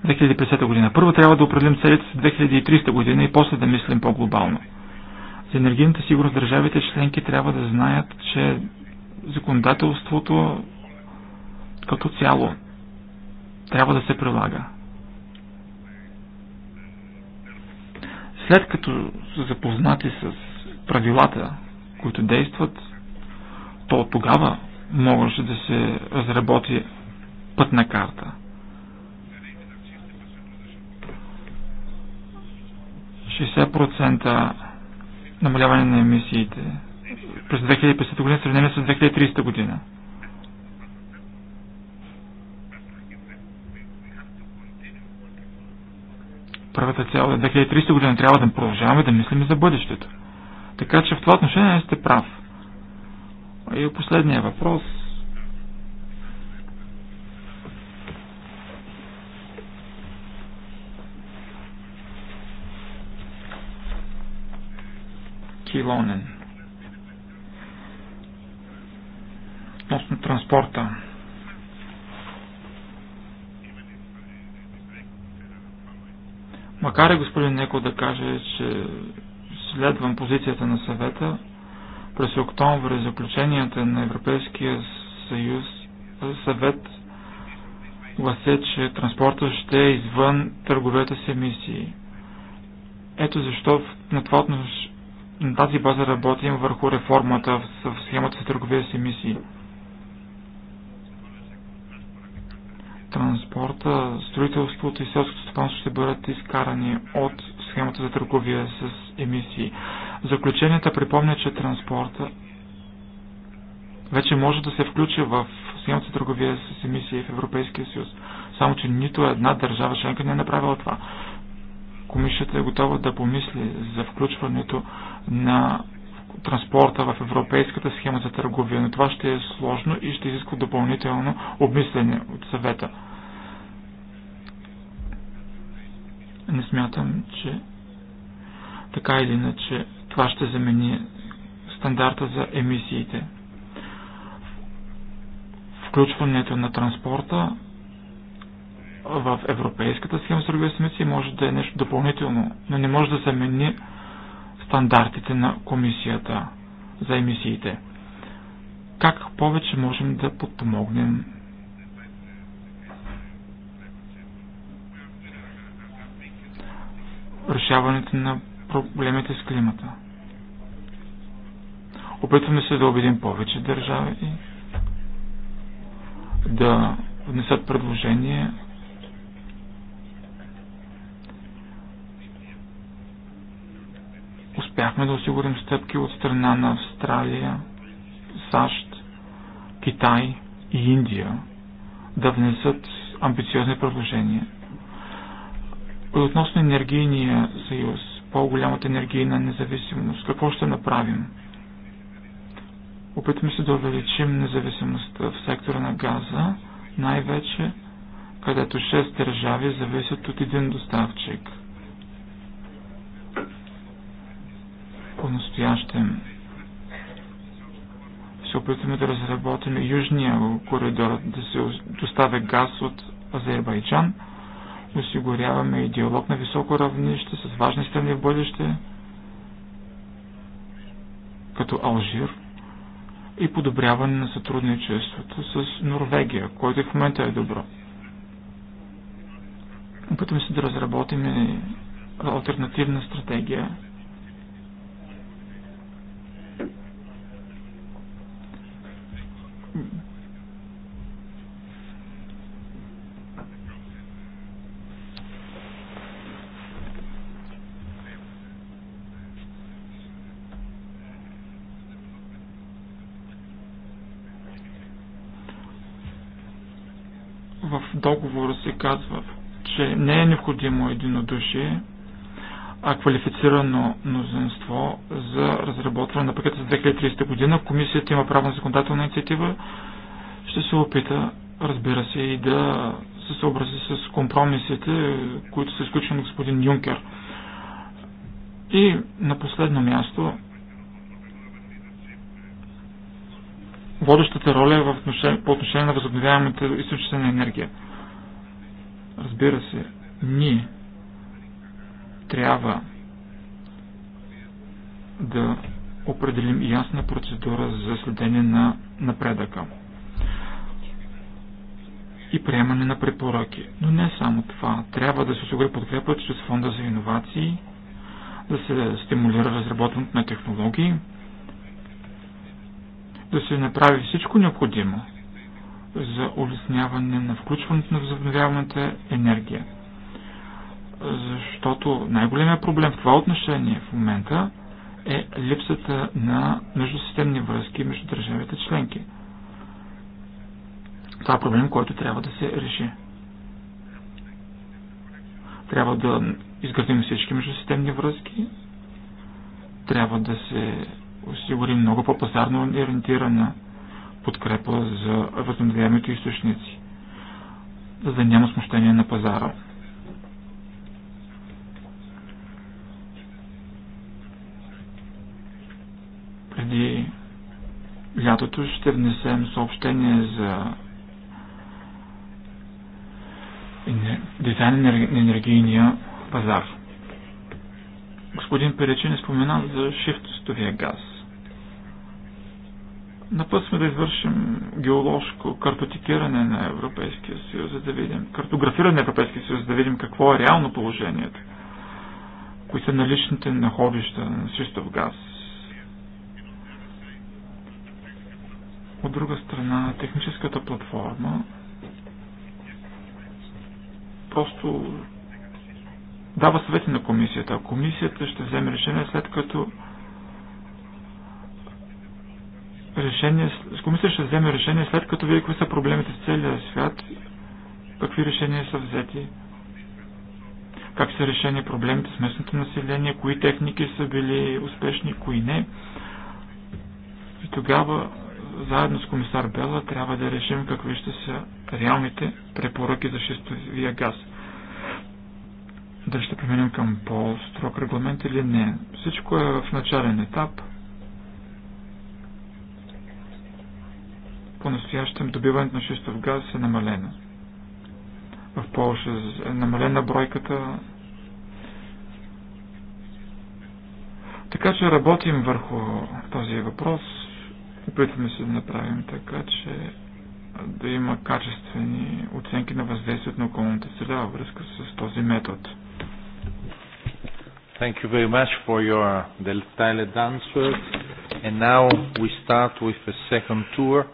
2050 година. Първо трябва да определим целите с 2300 година и после да мислим по-глобално. За енергийната сигурност държавите членки трябва да знаят, че законодателството като цяло трябва да се прилага. След като са запознати с правилата, които действат, то тогава можеше да се разработи пътна карта. процента намаляване на емисиите през 2050 година сравнение с 2300 година. Първата цяло е 2300 година. Трябва да продължаваме да мислим за бъдещето. Така че в това отношение сте прав. И последния въпрос. Килонен. Относно транспорта. Макар и господин Неко да каже, че следвам позицията на съвета, през октомври заключенията на Европейския съюз, съвет гласе, че транспорта ще е извън търговете с емисии. Ето защо на, това, на тази база работим върху реформата в схемата с търговия с емисии. транспорта, строителството и селското стопанство ще бъдат изкарани от схемата за търговия с емисии заключенията припомня, че транспорта вече може да се включи в схемата търговия с емисии в Европейския съюз. Само, че нито една държава членка не е направила това. Комисията е готова да помисли за включването на транспорта в европейската схема за търговия, но това ще е сложно и ще изисква допълнително обмислене от съвета. Не смятам, че така или иначе това ще замени стандарта за емисиите. Включването на транспорта в европейската схема с други смисъл може да е нещо допълнително, но не може да замени стандартите на комисията за емисиите. Как повече можем да подпомогнем решаването на проблемите с климата? Опитваме се да убедим повече държави да внесат предложение Успяхме да осигурим стъпки от страна на Австралия, САЩ, Китай и Индия да внесат амбициозни предложения. Относно енергийния съюз, по-голямата енергийна независимост, какво ще направим? Опитваме се да увеличим независимостта в сектора на газа, най-вече където 6 държави зависят от един доставчик. По-настоящем се опитваме да разработим южния коридор, да се доставя газ от Азербайджан. Осигуряваме и диалог на високо равнище с важни страни в бъдеще, като Алжир – и подобряване на сътрудничеството с Норвегия, което в момента е добро. Опитваме се да разработим и альтернативна стратегия. казва, че не е необходимо единодушие, а квалифицирано мнозинство за разработване на пакета за 2030 година. Комисията има право на законодателна инициатива. Ще се опита, разбира се, и да се съобрази с компромисите, които са изключени господин Юнкер. И на последно място, водещата роля е в отношение, по отношение на възобновяемите източници на енергия. Разбира се, ние трябва да определим ясна процедура за следение на напредъка и приемане на препоръки. Но не само това. Трябва да се осигури подкрепа чрез фонда за иновации, да се стимулира разработването на технологии, да се направи всичко необходимо, за улесняване на включването на възобновяваната енергия. Защото най-големият проблем в това отношение в момента е липсата на междусистемни връзки между държавите членки. Това е проблем, който трябва да се реши. Трябва да изградим всички междусистемни връзки, трябва да се осигури много по-пазарно ориентирана подкрепа за възобновяемите източници, за да няма смущение на пазара. Преди лятото ще внесем съобщение за дизайн на енергийния пазар. Господин Перечин е споменал за шифтостовия газ. На път сме да извършим геоложко картотикиране на Европейския съюз, за да видим, картографиране на Европейския съюз, за да видим какво е реално положението, кои са наличните находища на шистов газ. От друга страна, техническата платформа просто дава съвети на комисията. Комисията ще вземе решение след като решение, комисията ще вземе решение след като види какви са проблемите с целия свят, какви решения са взети, как са решени проблемите с местното население, кои техники са били успешни, кои не. И тогава заедно с комисар Бела трябва да решим какви ще са реалните препоръки за шестовия газ. Дали ще преминем към по-строг регламент или не. Всичко е в начален етап – По-настоящем добиването на шистов газ е намалено. В Польша е намалена бройката. Така че работим върху този въпрос. Опитваме се да направим така, че да има качествени оценки на въздействието на околната среда във връзка с този метод. Thank you very much for your And now we start with a second tour.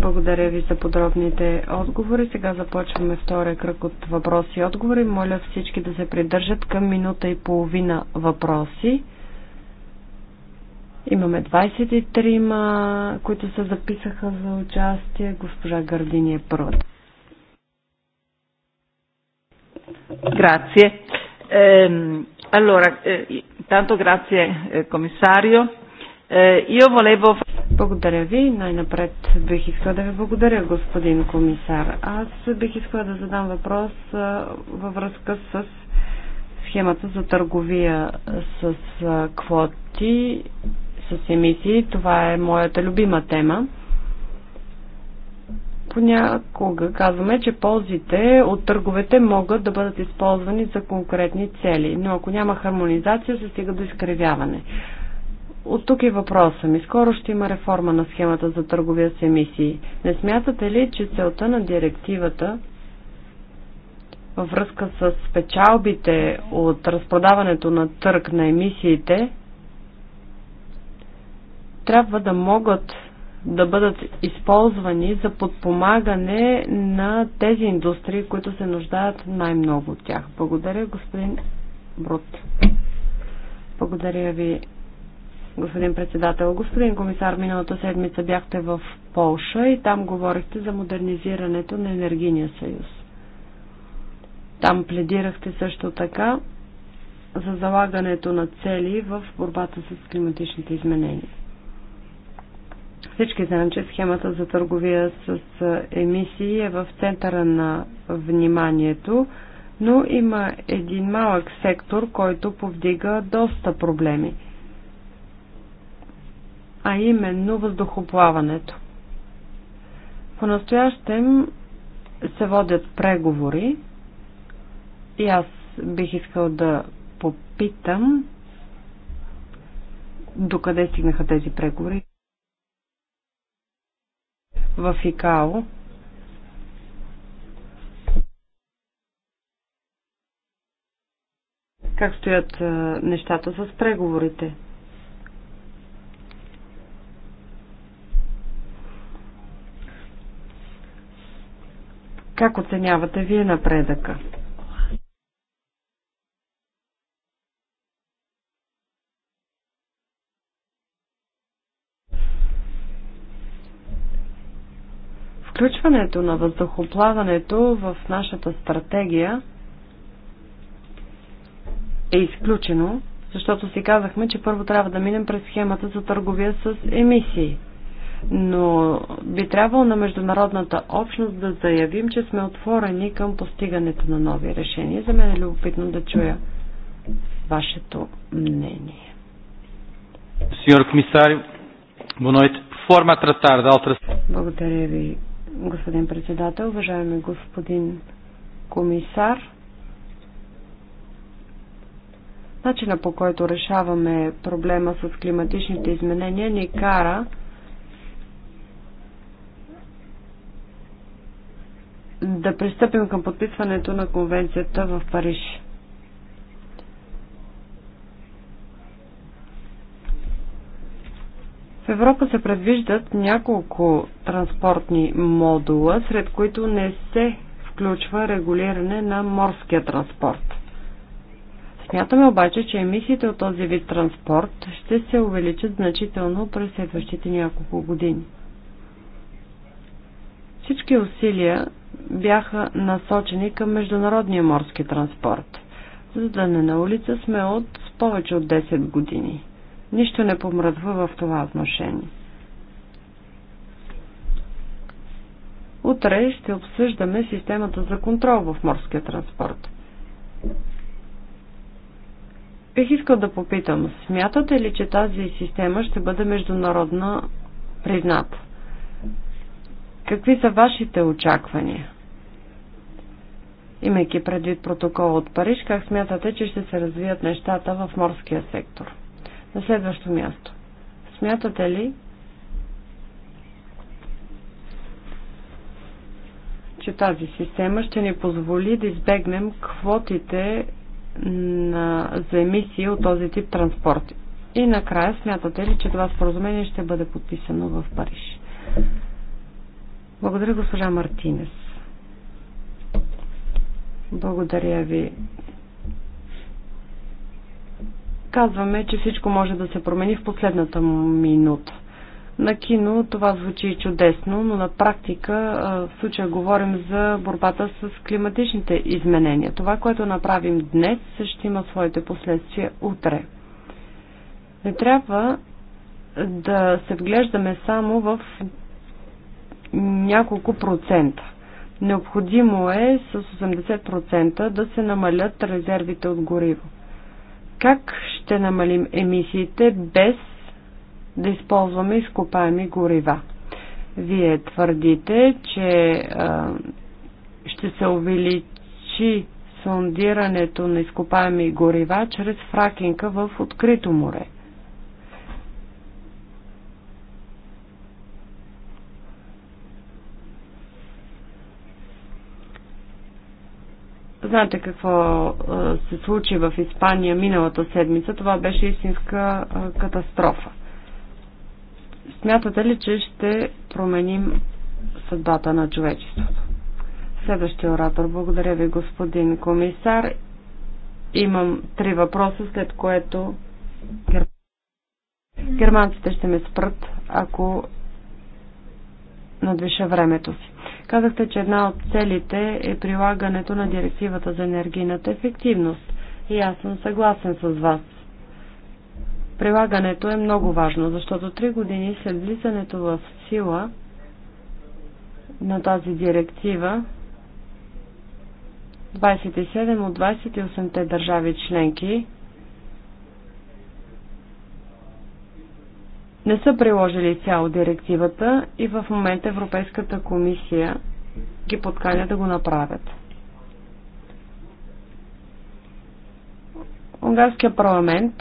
Благодаря ви за подробните отговори. Сега започваме втория кръг от въпроси и отговори. Моля всички да се придържат към минута и половина въпроси. Имаме 23-ма, които се записаха за участие. Госпожа Гърдини е първата. Грация. Eh, allora, е, tanto грация, е, комисарио. Е, io volevo... Благодаря ви. Най-напред бих искала да ви благодаря, господин комисар. Аз бих искала да задам въпрос е, във връзка с схемата за търговия с е, квоти, с емисии. Това е моята любима тема. Понякога казваме, че ползите от търговете могат да бъдат използвани за конкретни цели, но ако няма хармонизация, се стига до изкривяване. От тук е въпроса ми. Скоро ще има реформа на схемата за търговия с емисии. Не смятате ли, че целта на директивата във връзка с печалбите от разпродаването на търг на емисиите трябва да могат да бъдат използвани за подпомагане на тези индустрии, които се нуждаят най-много от тях. Благодаря, господин Брут. Благодаря ви, господин председател. Господин комисар, миналата седмица бяхте в Полша и там говорихте за модернизирането на енергийния съюз. Там пледирахте също така за залагането на цели в борбата с климатичните изменения. Всички знаем, че схемата за търговия с емисии е в центъра на вниманието, но има един малък сектор, който повдига доста проблеми – а именно въздухоплаването. По-настоящем се водят преговори и аз бих искал да попитам докъде стигнаха тези преговори в ИКАО. Как стоят нещата с преговорите? Как оценявате вие напредъка? Включването на въздухоплаването в нашата стратегия е изключено, защото си казахме, че първо трябва да минем през схемата за търговия с емисии – но би трябвало на международната общност да заявим, че сме отворени към постигането на нови решения. За мен е любопитно да чуя вашето мнение. Сеньор комисар, Boa Форма тратар да Благодаря ви, господин председател, уважаеми господин комисар. Начина по който решаваме проблема с климатичните изменения ни кара да пристъпим към подписването на конвенцията в Париж. В Европа се предвиждат няколко транспортни модула, сред които не се включва регулиране на морския транспорт. Смятаме обаче, че емисиите от този вид транспорт ще се увеличат значително през следващите няколко години. Всички усилия бяха насочени към международния морски транспорт. Задане на улица сме от повече от 10 години. Нищо не помръдва в това отношение. Утре ще обсъждаме системата за контрол в морския транспорт. Бих искал да попитам, смятате ли, че тази система ще бъде международна призната? Какви са вашите очаквания? Имайки предвид протокола от Париж, как смятате, че ще се развият нещата в морския сектор? На следващо място. Смятате ли, че тази система ще ни позволи да избегнем квотите на, за емисии от този тип транспорт. И накрая смятате ли, че това споразумение ще бъде подписано в Париж? Благодаря, госпожа Мартинес. Благодаря ви. Казваме, че всичко може да се промени в последната минута. На кино това звучи чудесно, но на практика в случая говорим за борбата с климатичните изменения. Това, което направим днес, ще има своите последствия утре. Не трябва да се вглеждаме само в няколко процента. Необходимо е с 80% да се намалят резервите от гориво. Как ще намалим емисиите без да използваме изкопаеми горива? Вие твърдите, че а, ще се увеличи сондирането на изкопаеми горива чрез фракинга в открито море. Знаете какво се случи в Испания миналата седмица? Това беше истинска катастрофа. Смятате ли, че ще променим съдбата на човечеството? Следващия оратор. Благодаря ви, господин комисар. Имам три въпроса, след което германците ще ме спрат, ако надвиша времето си. Казахте, че една от целите е прилагането на директивата за енергийната ефективност. И аз съм съгласен с вас. Прилагането е много важно, защото три години след влизането в сила на тази директива, 27 от 28-те държави членки не са приложили цяло директивата и в момента Европейската комисия ги подканя да го направят. Унгарския парламент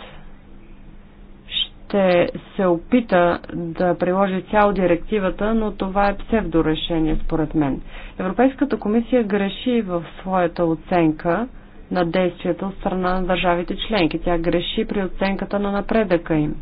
ще се опита да приложи цяло директивата, но това е псевдорешение според мен. Европейската комисия греши в своята оценка на действията от страна на държавите членки. Тя греши при оценката на напредъка им.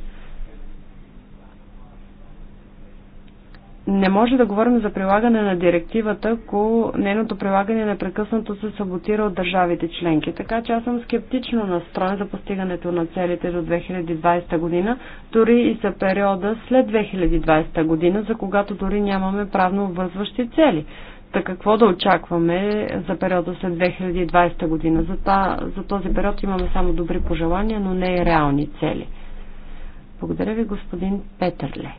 не може да говорим за прилагане на директивата, ако нейното прилагане непрекъснато се саботира от държавите членки. Така че аз съм скептично настроен за постигането на целите до 2020 година, дори и за периода след 2020 година, за когато дори нямаме правно обвързващи цели. Та какво да очакваме за периода след 2020 година? За, та, за този период имаме само добри пожелания, но не и реални цели. Благодаря ви, господин Петърле.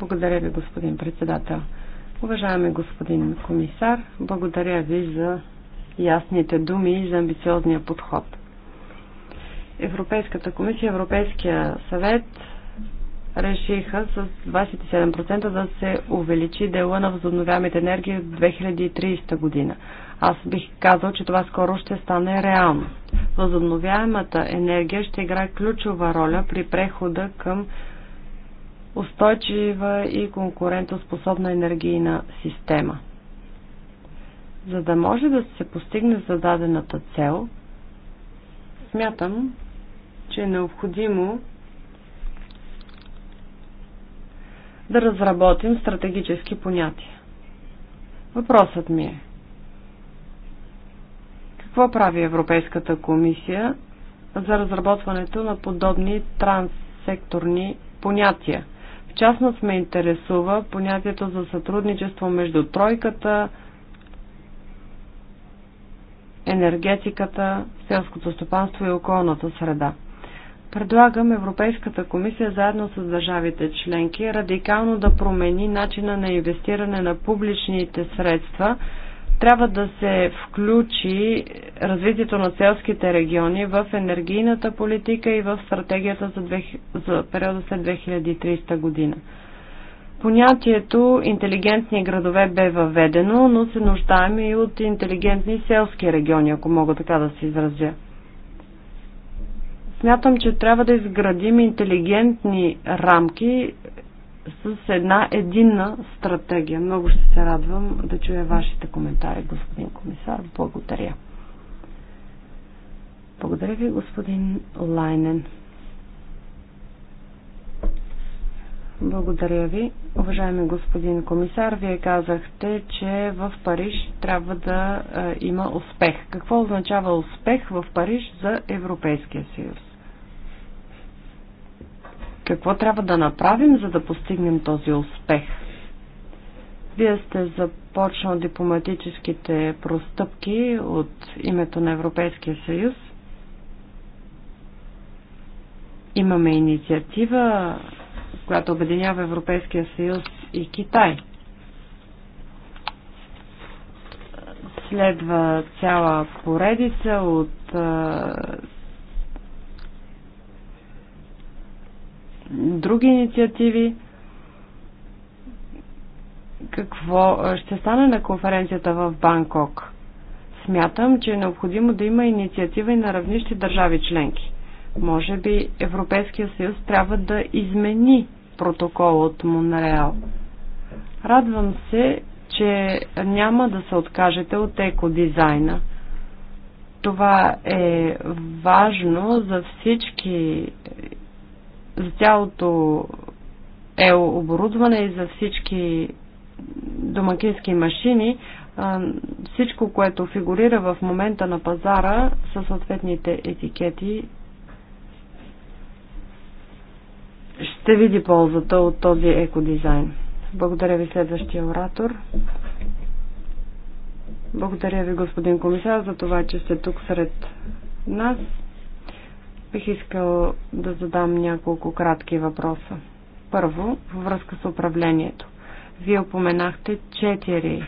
Благодаря ви, господин председател. Уважаеми господин комисар, благодаря ви за ясните думи и за амбициозния подход. Европейската комисия, Европейския съвет решиха с 27% да се увеличи дела на възобновяемите енергии в 2030 година. Аз бих казал, че това скоро ще стане реално. Възобновяемата енергия ще играе ключова роля при прехода към устойчива и конкурентоспособна енергийна система. За да може да се постигне зададената цел, смятам, че е необходимо да разработим стратегически понятия. Въпросът ми е, какво прави Европейската комисия за разработването на подобни транссекторни понятия? В частност ме интересува понятието за сътрудничество между тройката, енергетиката, селското стопанство и околната среда. Предлагам Европейската комисия заедно с държавите членки радикално да промени начина на инвестиране на публичните средства – трябва да се включи развитието на селските региони в енергийната политика и в стратегията за, две, за периода след 2300 година. Понятието интелигентни градове бе въведено, но се нуждаем и от интелигентни селски региони, ако мога така да се изразя. Смятам, че трябва да изградим интелигентни рамки с една единна стратегия. Много ще се радвам да чуя вашите коментари, господин комисар. Благодаря. Благодаря ви, господин Лайнен. Благодаря ви. Уважаеми господин комисар, вие казахте, че в Париж трябва да е, има успех. Какво означава успех в Париж за Европейския съюз? Какво трябва да направим, за да постигнем този успех? Вие сте започнал дипломатическите простъпки от името на Европейския съюз. Имаме инициатива, която обединява Европейския съюз и Китай. Следва цяла поредица от други инициативи. Какво ще стане на конференцията в Банкок? Смятам, че е необходимо да има инициатива и на равнище държави членки. Може би Европейския съюз трябва да измени протокол от Монреал. Радвам се, че няма да се откажете от екодизайна. Това е важно за всички за цялото ел оборудване и за всички домакински машини, всичко, което фигурира в момента на пазара със съответните етикети, ще види ползата от този екодизайн. Благодаря ви следващия оратор. Благодаря ви, господин комисар, за това, че сте тук сред нас. Бих искал да задам няколко кратки въпроса. Първо, във връзка с управлението. Вие упоменахте четири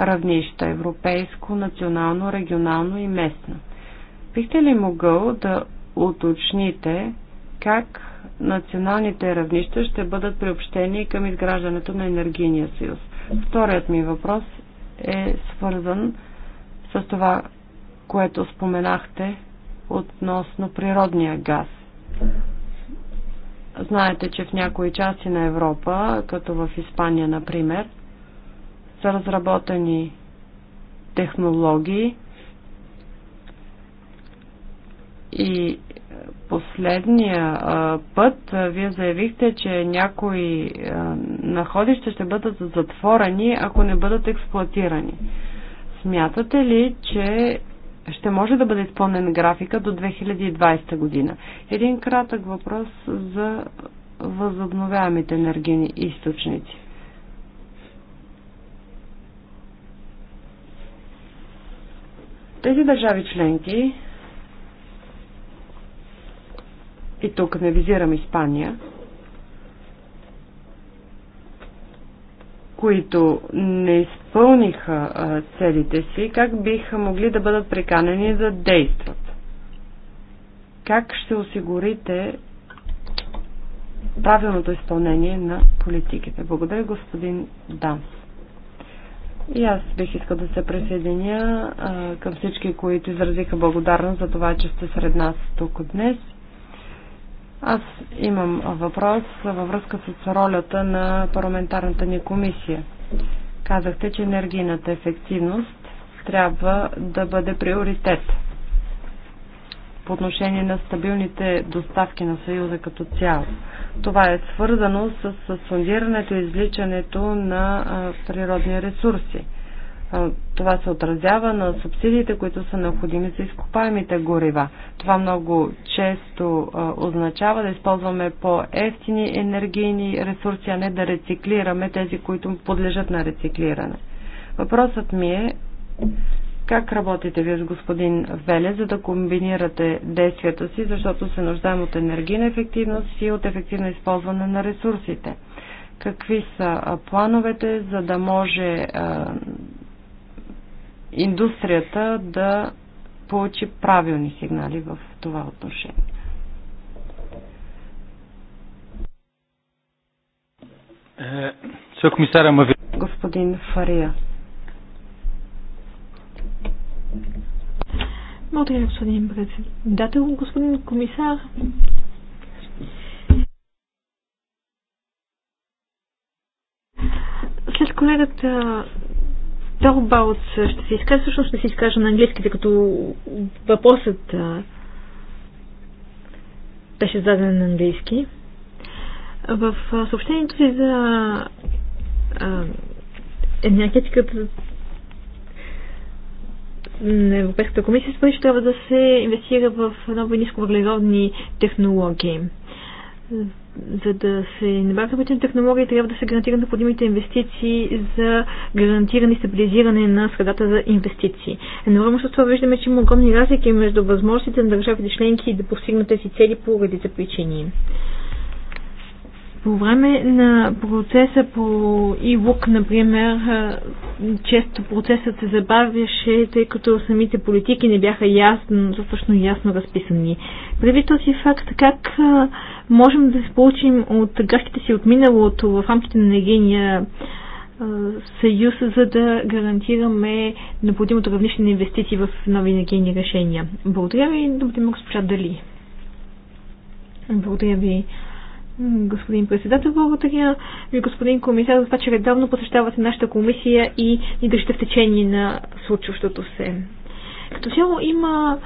равнища европейско, национално, регионално и местно. Бихте ли могъл да уточните как националните равнища ще бъдат приобщени към изграждането на енергийния съюз? Вторият ми въпрос е свързан с това, което споменахте относно природния газ. Знаете, че в някои части на Европа, като в Испания, например, са разработени технологии и последния а, път а, вие заявихте, че някои а, находища ще бъдат затворени, ако не бъдат експлуатирани. Смятате ли, че ще може да бъде изпълнен графика до 2020 година. Един кратък въпрос за възобновяемите енергийни източници. Тези държави членки, и тук не визирам Испания, които не изпълниха целите си, как биха могли да бъдат приканени да действат? Как ще осигурите правилното изпълнение на политиките? Благодаря, господин Данс. И аз бих искал да се присъединя а, към всички, които изразиха благодарност за това, че сте сред нас тук днес. Аз имам въпрос във връзка с ролята на парламентарната ни комисия. Казахте, че енергийната ефективност трябва да бъде приоритет по отношение на стабилните доставки на Съюза като цяло. Това е свързано с сондирането и извличането на природни ресурси. Това се отразява на субсидиите, които са необходими за изкопаемите горива. Това много често означава да използваме по-ефтини енергийни ресурси, а не да рециклираме тези, които подлежат на рециклиране. Въпросът ми е как работите вие с господин Веле, за да комбинирате действията си, защото се нуждаем от енергийна ефективност и от ефективно използване на ресурсите? Какви са плановете, за да може индустрията да получи правилни сигнали в това отношение. Е, господин Фария. Благодаря, господин председател. Господин комисар, след колегата about, ще се изкаже, всъщност ще се изкажа на английски, тъй като въпросът а, беше зададен на английски. В съобщението си за а, енергетиката на Европейската комисия спори, че трябва да се инвестира в нови нисковъглеродни технологии за да се набавят съвременни технологии, трябва да се гарантират необходимите инвестиции за гарантиране и стабилизиране на средата за инвестиции. Едновременно с това виждаме, че има огромни разлики между възможностите на държавите членки да постигнат тези цели по редица причини. По време на процеса по e например, често процесът се забавяше, тъй като самите политики не бяха ясно, достатъчно ясно разписани. Преди този факт, как можем да се получим от гащите си от миналото в рамките на Егения съюз, за да гарантираме необходимото равнище на инвестиции в нови енергийни решения. Благодаря ви, добре има госпожа Дали. Благодаря ви, господин председател, благодаря ви, господин комисар, за това, че редовно посещавате нашата комисия и ни държите в течение на случващото се. Като цяло има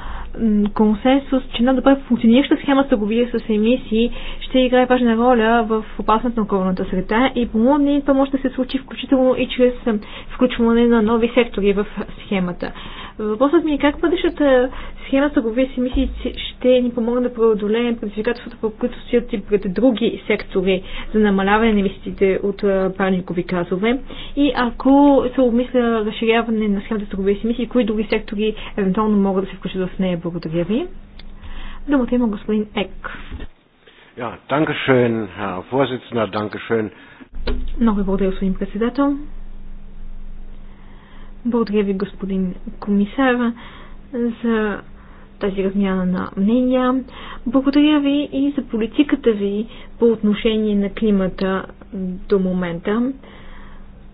консенсус, че една добре функционираща схема с търговия с емисии ще играе важна роля в опасната на околната среда и по моят мнение това може да се случи включително и чрез включване на нови сектори в схемата. Въпросът ми е как бъдещата схема с търговия с емисии ще ни помогне да преодолеем предизвикателствата, по които стоят и пред други сектори за намаляване на емисиите от парникови газове и ако се обмисля разширяване на схемата с търговия с емисии, кои други сектори евентуално могат да се включат в нея благодаря ви. Думата има господин Ек. Ja, danke schön, Herr Vorsitzender, danke schön. Много благодаря, господин председател. Благодаря ви, господин комисар, за тази размяна на мнения. Благодаря ви и за политиката ви по отношение на климата до момента.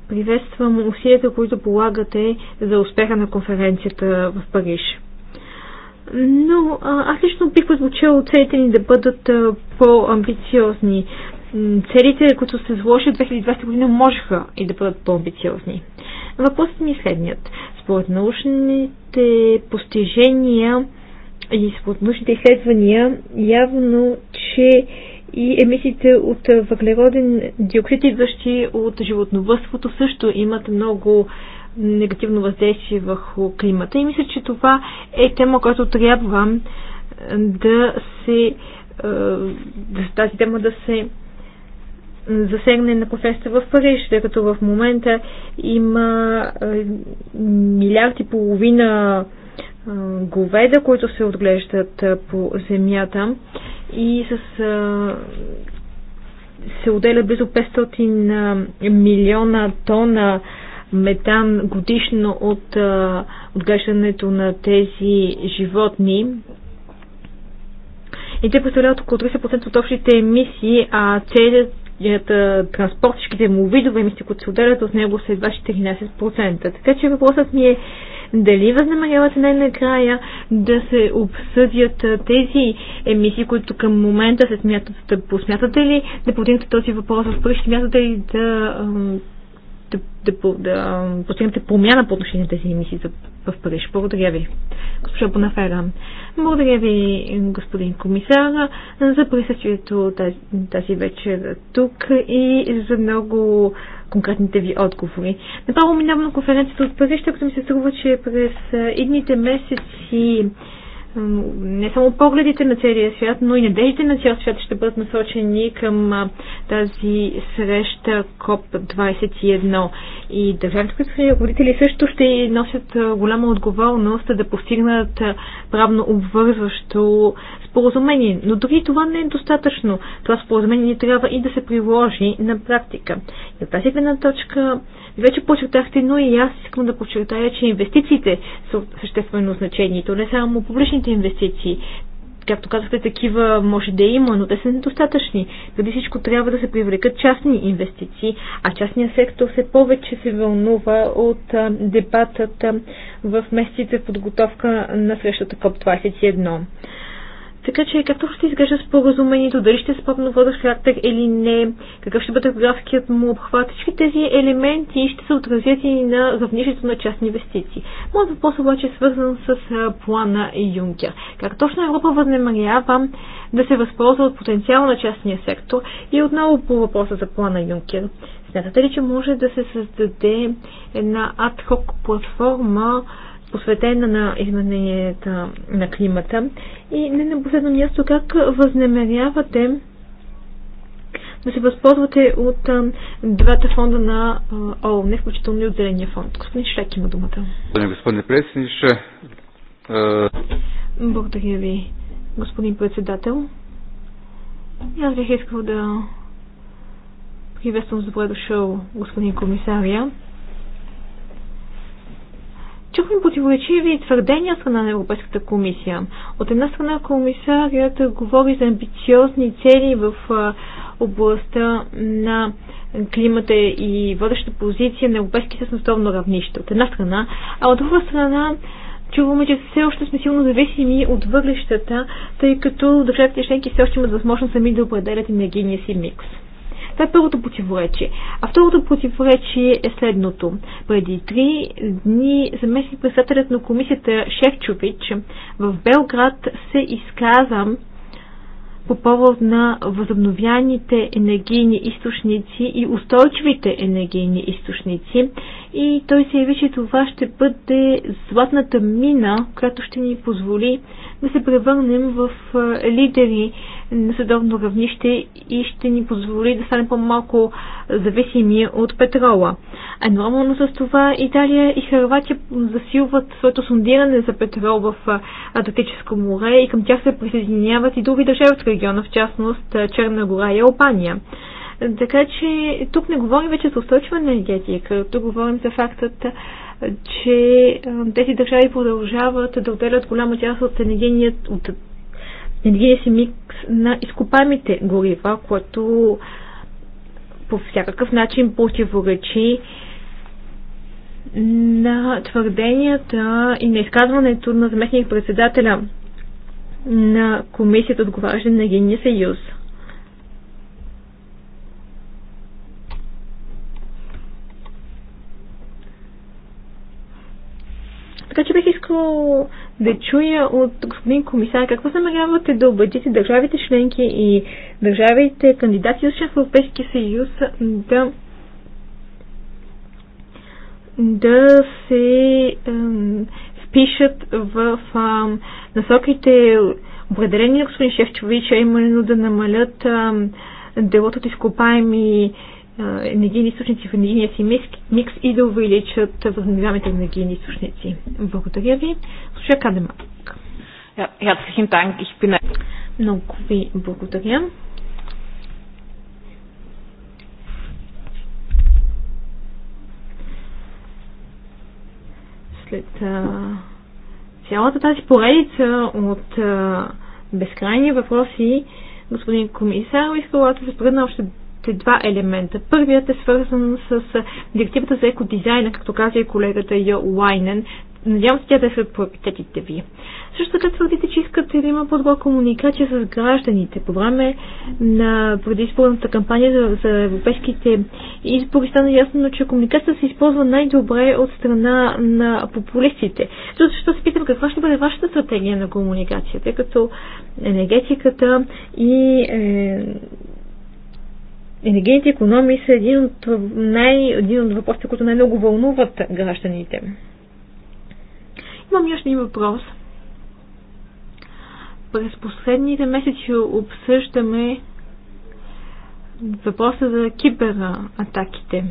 Приветствам усилията, които полагате за успеха на конференцията в Париж но аз лично бих предпочел целите ни да бъдат по-амбициозни. Целите, които се заложи от 2020 година, можеха и да бъдат по-амбициозни. Въпросът ми е следният. Според научните постижения и според научните изследвания, явно, че и емисиите от въглероден диоксид, идващи от животновътството, също имат много негативно въздействие върху климата. И мисля, че това е тема, която трябва е, да се е, да, тази тема да се засегне на конференцията в Париж, тъй като в момента има е, милиард и половина говеда, които се отглеждат по земята и с, а, се отделя близо 500 милиона тона метан годишно от а, отглеждането на тези животни. И те представляват около 30% от общите емисии, а целият транспорт, всичките му видове емисии, които се отделят от него са едва 14%. Така че въпросът ми е дали възнамерявате най-накрая да се обсъдят тези емисии, които към момента се смятат да посмятате ли да подигнете този въпрос в Париж, смятате ли да, да, да, да постигнете промяна по отношение на тези емисии в Париж? Благодаря ви, госпожа Бонафера. Благодаря ви, господин комисар, за присъствието тази, тази вечер тук и за много конкретните ви отговори. Направо минавам на конференцията от Париж, тъй като ми се струва, че през идните месеци не само погледите на целия свят, но и надеждите на цял свят ще бъдат насочени към тази среща КОП-21. И държавните предприятия ръководители също ще носят голяма отговорност да постигнат правно обвързващо споразумение. Но дори това не е достатъчно. Това споразумение трябва и да се приложи на практика. И от тази гледна точка вече почертахте но и аз искам да подчертая, че инвестициите са от съществено значение. То не само публичните инвестиции. Както казахте, такива може да има, но те са недостатъчни. Преди всичко трябва да се привлекат частни инвестиции, а частният сектор все повече се вълнува от дебатът в месеците подготовка на срещата КОП 21. Така че както ще изглежда споразумението, дали ще е спортно водещ характер или не, какъв ще бъде графският му обхват, всички тези елементи ще се отразят и на равнището на частни инвестиции. Моят въпрос обаче е свързан с плана Юнкер. Как точно Европа възнемарява да се възползва от потенциала на частния сектор и отново по въпроса за плана Юнкер. Смятате ли, че може да се създаде една адхок платформа, посветена на измененията на климата. И не на последно място, как възнамерявате да се възползвате от двата фонда на ООН, включително и от Зеления фонд. Господин Шлек има думата. Господин Пресниш. А... Благодаря ви, господин председател. Аз бих искал да приветствам с добре дошъл господин комисария. Чухме противоречиви твърдения страна на Европейската комисия. От една страна комисарият говори за амбициозни цели в областта на климата и водеща позиция на европейски съюз на равнище. От една страна, а от друга страна чуваме, че все още сме силно зависими от въглищата, тъй като държавите членки все още имат възможност сами да определят енергийния си микс. Това е първото противоречие. А второто противоречие е следното. Преди три дни заместник председателят на комисията Шевчович в Белград се изказа по повод на възобновяните енергийни източници и устойчивите енергийни източници и той се яви, че това ще бъде златната мина, която ще ни позволи да се превърнем в лидери на съдобно равнище и ще ни позволи да станем по-малко зависими от петрола. Едновременно с това Италия и Харватия засилват своето сондиране за петрол в Атлантическо море и към тях се присъединяват и други държави от региона, в частност Черна гора и Албания. Така че тук не говорим вече за устойчива енергетика, тук говорим за фактът, че тези държави продължават да отделят голяма част от енергеният от енергия си микс на изкопамите горива, което по всякакъв начин противоречи на твърденията и на изказването на заместник председателя на комисията отговаряща на Енергийния съюз – Така че бих искал да чуя от господин комисар какво намерявате да убедите държавите членки и държавите кандидати за член в Европейския съюз да да се ем, впишат в ем, насоките определени на господин Шефчович, а именно да намалят ем, делото от изкопаеми енергийни източници в енергийния си микс, и да увеличат възобновяемите енергийни източници. Благодаря ви. Слушай Кадемак. Много ви благодаря. След а, цялата тази поредица от а, безкрайни въпроси, господин комисар, искала да се предна още още два елемента. Първият е свързан с директивата за екодизайна, както каза и колегата Йо Лайнен. Надявам се тя да е сред приоритетите ви. Също така твърдите, че искате да има по-добра комуникация с гражданите. По време на предизборната кампания за, за европейските избори стана ясно, че комуникацията се използва най-добре от страна на популистите. Защото се питам каква ще бъде вашата стратегия на комуникация, тъй като енергетиката и е, енергийните економии са един от, най, един от въпросите, които най-много вълнуват гражданите. Имам още един въпрос. През последните месеци обсъждаме въпроса за кибератаките.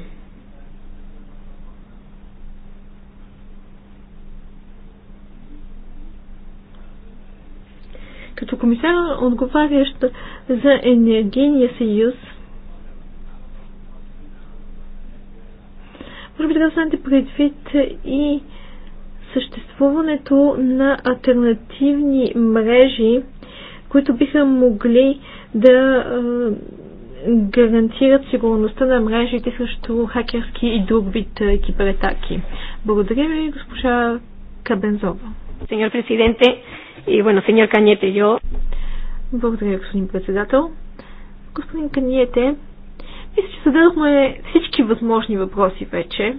Като комисар, отговарящ за енергийния съюз, Може би трябва да вземете предвид и съществуването на альтернативни мрежи, които биха могли да гарантират сигурността на мрежите срещу хакерски и друг вид кибератаки. Благодаря ви, госпожа Кабензова. Сеньор президенте и, bueno, сеньор Каньете, Благодаря, господин председател. Господин Каниете, мисля, че зададохме всички възможни въпроси вече.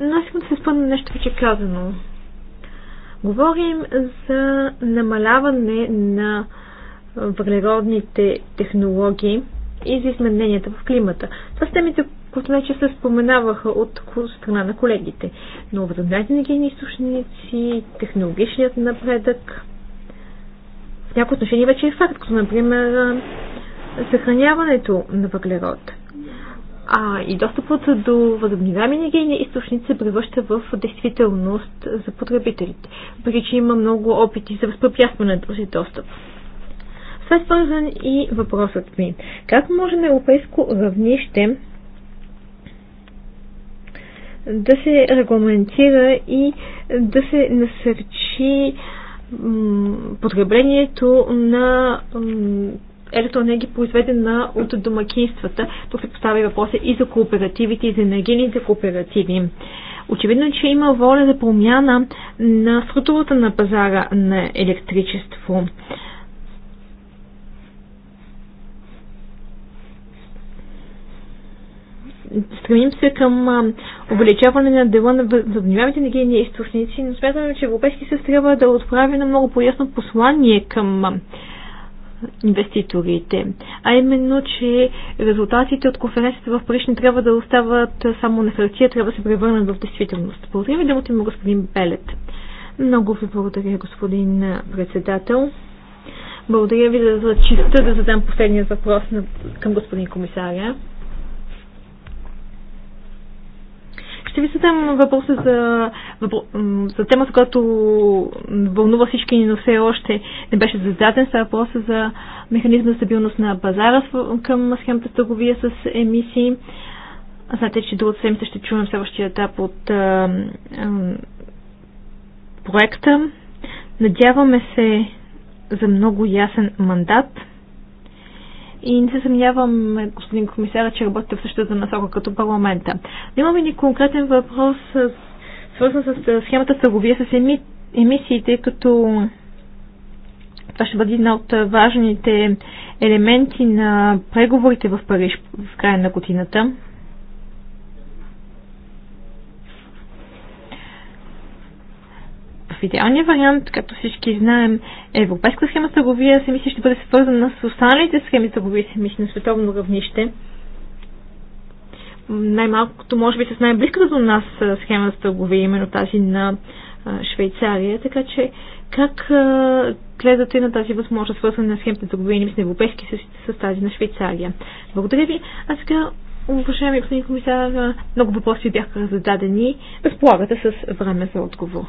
Но искам да се спомня нещо вече казано. Говорим за намаляване на въглеродните технологии и за измененията в климата. Това са темите, които вече се споменаваха от страна на колегите. Но възобновяемите гени източници, технологичният напредък, в някои отношения вече е факт, като например съхраняването на въглерод. А и достъпът до възобновяеми енергийни източници се превръща в действителност за потребителите, въпреки че има много опити за възпрепятстване на този достъп. Това е свързан и въпросът ми. Как може на европейско равнище да се регламентира и да се насърчи потреблението на електроенергия, е произведена от домакинствата. Тук се поставя въпроса и за кооперативите, и за енергийните кооперативи. Очевидно, е, че има воля за промяна на структурата на пазара на електричество. стремим се към увеличаване на дела на възобновяемите енергийни източници, но смятаме, че Европейски съюз трябва да отправи на много по-ясно послание към инвеститорите. А именно, че резултатите от конференцията в Париж не трябва да остават само на хартия, трябва да се превърнат в действителност. Благодаря ви думата има господин Белет. Много ви благодаря, господин председател. Благодаря ви за, за честа да задам последния въпрос на, към господин комисаря. Ще ви задам въпроса за, за темата, която вълнува всички ни, но все още не беше зададен. Става въпроса за механизма за стабилност на пазара към схемата с търговия с емисии. Знаете, че до седмица ще чуем следващия етап от а, а, проекта. Надяваме се за много ясен мандат и не се съмнявам, господин комисар, че работите в същата насока като парламента. Но имам един конкретен въпрос, свързан с схемата търговия с еми... емисиите, като това ще бъде една от важните елементи на преговорите в Париж в края на годината. В идеалния вариант, както всички знаем, европейска схема търговия се мисли ще бъде свързана с останалите схеми търговия се мисли на световно равнище. Най-малкото, може би, с най-близката до нас схема за търговия, именно тази на Швейцария. Така че, как гледате на тази възможност, свързана на схемата търговия на европейски с, с тази на Швейцария? Благодаря ви. А сега Уважаеми господин комисар, много въпроси бяха зададени. Разполагате с време за отговор.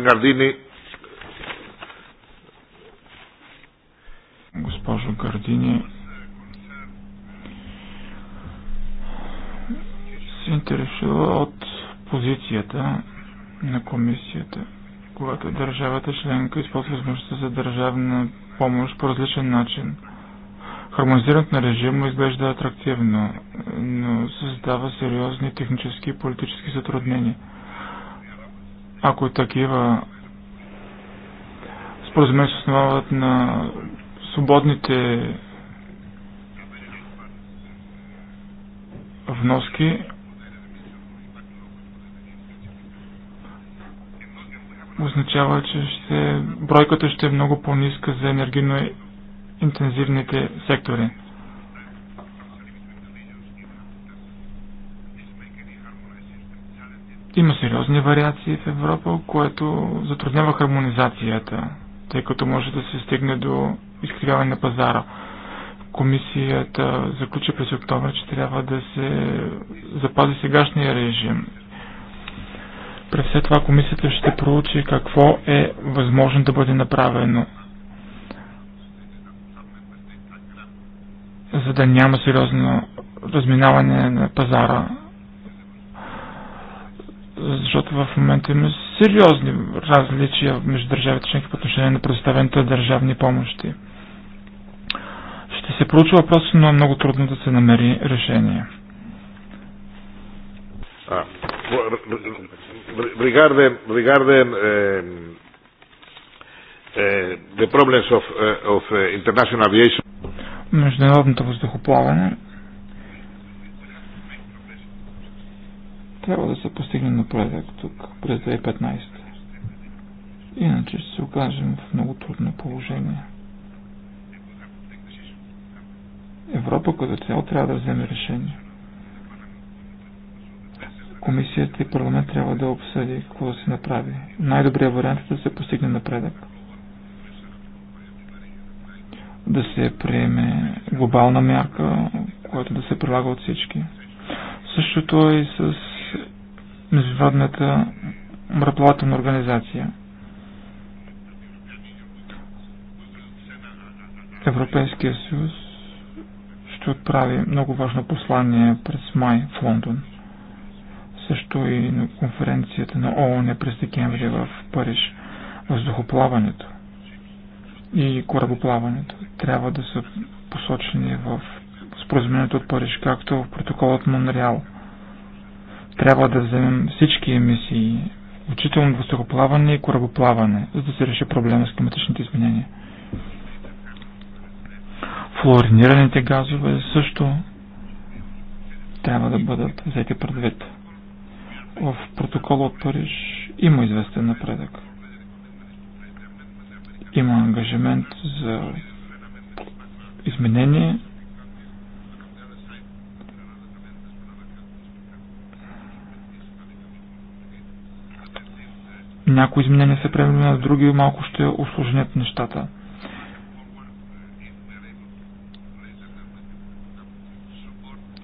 Γκαρδίνη. Госпожо Гардини, се интересува от позицията на комисията, когато държавата членка използва възможността за държавна помощ по различен начин. Хармонизирането на режима изглежда атрактивно, но създава сериозни технически и политически затруднения – ако такива споразумения се основават на свободните вноски, означава, че ще, бройката ще е много по-ниска за енергийно интензивните сектори. Има сериозни вариации в Европа, което затруднява хармонизацията, тъй като може да се стигне до изкривяване на пазара. Комисията заключи през октомври, че трябва да се запази сегашния режим. През все това комисията ще проучи какво е възможно да бъде направено, за да няма сериозно разминаване на пазара защото в момента има сериозни различия между държавите членки по отношение на предоставянето държавни помощи. Ще се проучва въпрос, но е много трудно да се намери решение. the problems of, е, of е, international aviation. Международното въздухоплаване Трябва да се постигне напредък тук през 2015. Иначе ще се окажем в много трудно положение. Европа като цяло трябва да вземе решение. Комисията и парламент трябва да обсъди какво да се направи. Най-добрият вариант е да се постигне напредък. Да се приеме глобална мярка, която да се прилага от всички. Същото е и с Международната мръплавателна организация. Европейския съюз ще отправи много важно послание през май в Лондон. Също и на конференцията на ООН през декември в Париж. Въздухоплаването и корабоплаването трябва да са посочени в споразумението от Париж, както в протоколът Монреал. Трябва да вземем всички емисии, включително въздухоплаване и корабоплаване, за да се реши проблема с климатичните изменения. Флуоринираните газове също трябва да бъдат взети предвид. В протокола от Париж има известен напредък. Има ангажимент за изменение Някои изменения са приемливи, а други малко ще осложнят нещата.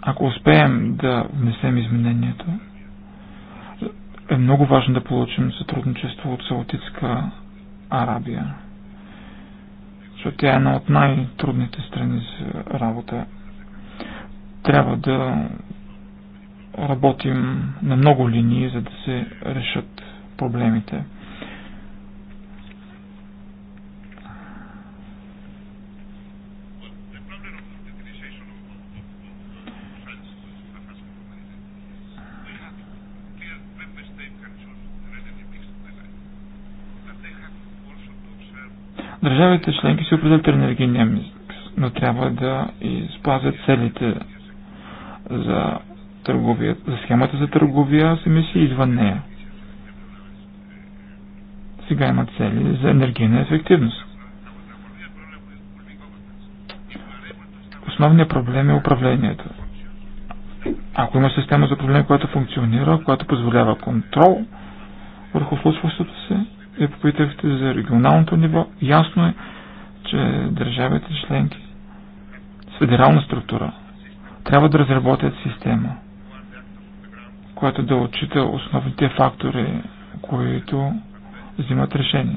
Ако успеем да внесем изменението, е много важно да получим сътрудничество от Саудитска Арабия. Защото тя е една от най-трудните страни за работа. Трябва да работим на много линии, за да се решат проблемите. Държавите членки си определят енергийния микс, но трябва да изпазят целите за търговия, за схемата за търговия с емисии извън нея сега има цели за енергийна ефективност. Основният проблем е управлението. Ако има система за управление, която функционира, която позволява контрол върху случващото се, и попитахте за регионалното ниво, ясно е, че държавите членки с федерална структура трябва да разработят система, която да отчита основните фактори, които взимат решение.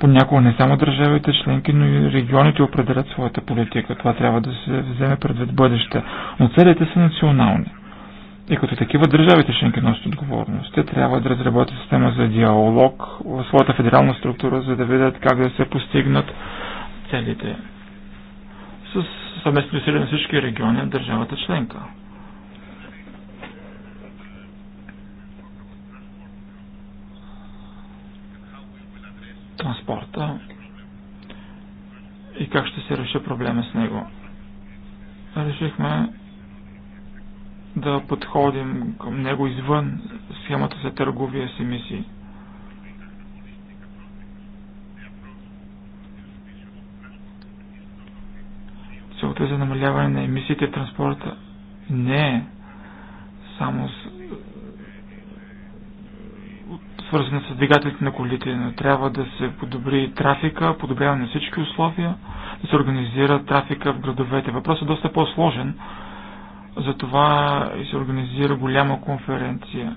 Понякога не само държавите членки, но и регионите определят своята политика. Това трябва да се вземе предвид бъдеще. Но целите са национални. И като такива държавите членки носят отговорност. Те трябва да разработят система за диалог в своята федерална структура, за да видят как да се постигнат целите. С съвместни усилия на всички региони на държавата членка. транспорта и как ще се реши проблема с него. Решихме да подходим към него извън схемата за търговия с емисии. Целта за намаляване на емисиите в транспорта не е само с свързана с двигателите на колите. Но трябва да се подобри трафика, подобряване на всички условия, да се организира трафика в градовете. Въпросът е доста по-сложен, затова и се организира голяма конференция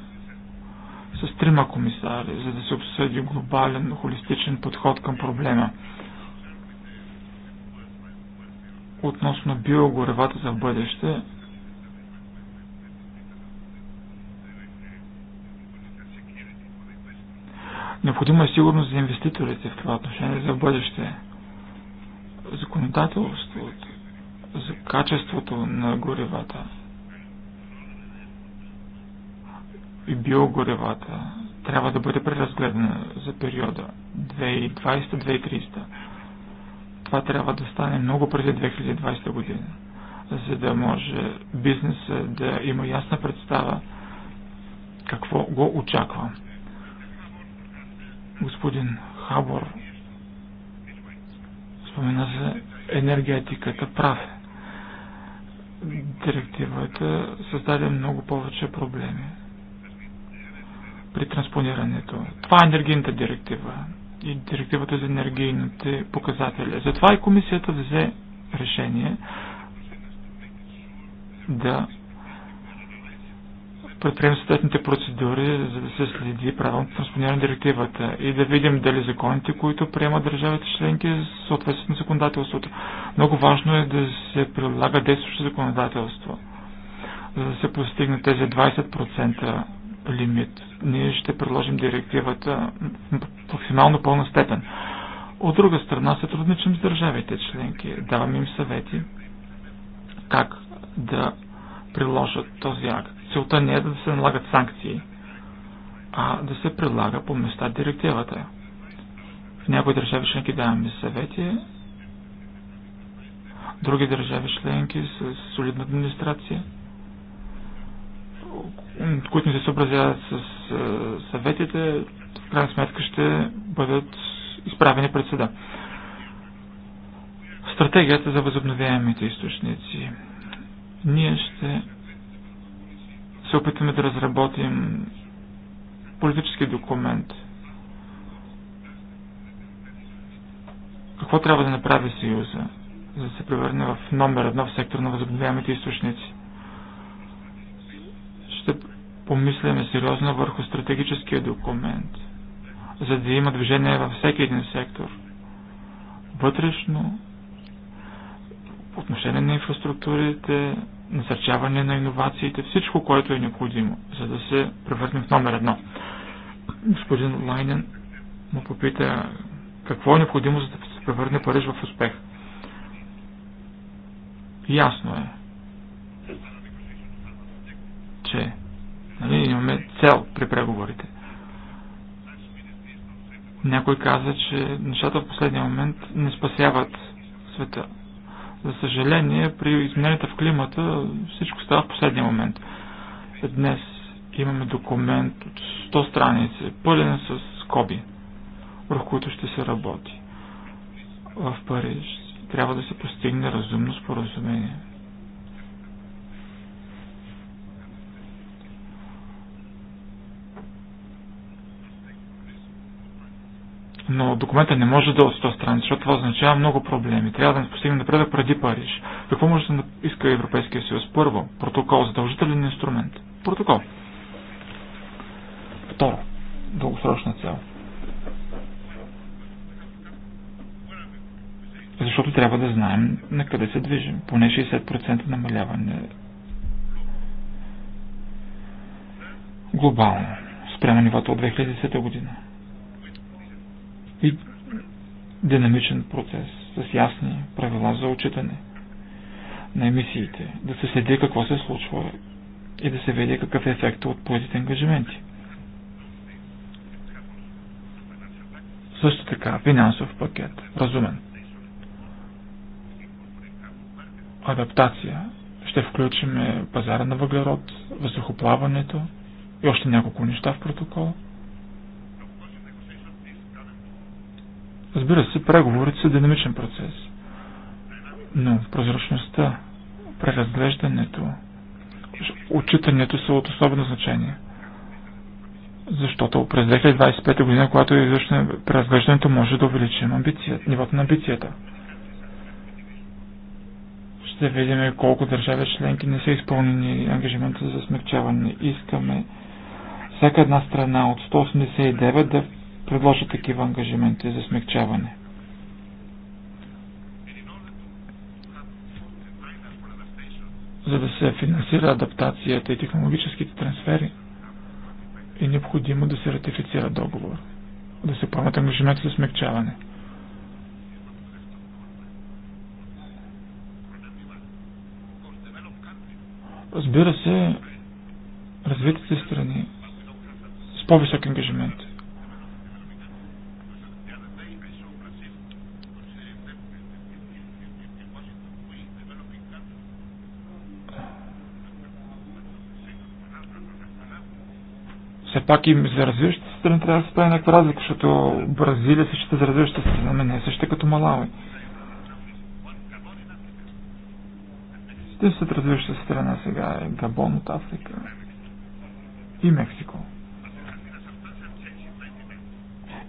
с трима комисари, за да се обсъди глобален, холистичен подход към проблема. Относно биогоревата за бъдеще, Необходима е сигурност за инвеститорите в това отношение за бъдеще. Законодателство за качеството на горевата, и биогоревата трябва да бъде преразгледана за периода 2020-2030. Това трябва да стане много преди 2020 година, за да може бизнеса да има ясна представа какво го очаква. Господин Хабор спомена за енергетиката. Прав Директивата създаде много повече проблеми при транспонирането. Това е енергийната директива и директивата за енергийните показатели. Затова и комисията взе решение да предприем съответните процедури, за да се следи правилното транспониране на директивата и да видим дали законите, които приемат държавите членки, съответстват на законодателството. Много важно е да се прилага действащо законодателство, за да се постигне тези 20% лимит. Ние ще предложим директивата в максимално пълна степен. От друга страна, сътрудничим с държавите членки, даваме им съвети как да приложат този акт целта не е да се налагат санкции, а да се прилага по места директивата. В някои държави членки даваме съвети, други държави членки с солидна администрация, които не се съобразяват с съветите, в крайна сметка ще бъдат изправени пред съда. Стратегията за възобновяемите източници. Ние ще се опитваме да разработим политически документ. Какво трябва да направи Съюза, за да се превърне в номер едно в сектор на възобновяемите източници? Ще помисляме сериозно върху стратегическия документ, за да има движение във всеки един сектор. Вътрешно, отношение на инфраструктурите, насърчаване на иновациите, всичко, което е необходимо, за да се превърнем в номер едно. Господин Лайнен му попита какво е необходимо, за да се превърне Париж в успех. Ясно е, че нали, имаме цел при преговорите. Някой каза, че нещата в последния момент не спасяват света. За съжаление, при измененията в климата всичко става в последния момент. Днес имаме документ от 100 страници, пълен с скоби, върху които ще се работи. В Париж трябва да се постигне разумно споразумение. но документа не може да е от 100 страници, защото това означава много проблеми. Трябва да постигнем напредък преди Париж. Какво може да иска Европейския съюз? Първо, протокол, задължителен инструмент. Протокол. Второ, дългосрочна цел. Защото трябва да знаем на къде се движим. Поне 60% намаляване глобално спрямо нивото от 2010 година и динамичен процес с ясни правила за отчитане на емисиите, да се следи какво се случва и да се види какъв е ефектът от поетите ангажименти. Също така, финансов пакет, разумен. Адаптация. Ще включим пазара на въглерод, въздухоплаването и още няколко неща в протокола. Разбира се, преговорите са динамичен процес. Но прозрачността, преразглеждането, отчитането са от особено значение. Защото през 2025 година, когато е извършено преразглеждането, може да увеличим амбицията, нивото на амбицията. Ще видим колко държави членки не са изпълнени ангажимента за смягчаване. Искаме всяка една страна от 189 да предложи такива ангажименти за смягчаване. За да се финансира адаптацията и технологическите трансфери, е необходимо да се ратифицира договор, да се поемат ангажименти за смягчаване. Разбира се, развитите страни с по-висок ангажимент все пак и за развиващите страни трябва да се прави някаква разлика, защото Бразилия е същата за развиващите страна, но не е също като Малави. са развиваща страна сега е Габон от Африка и Мексико.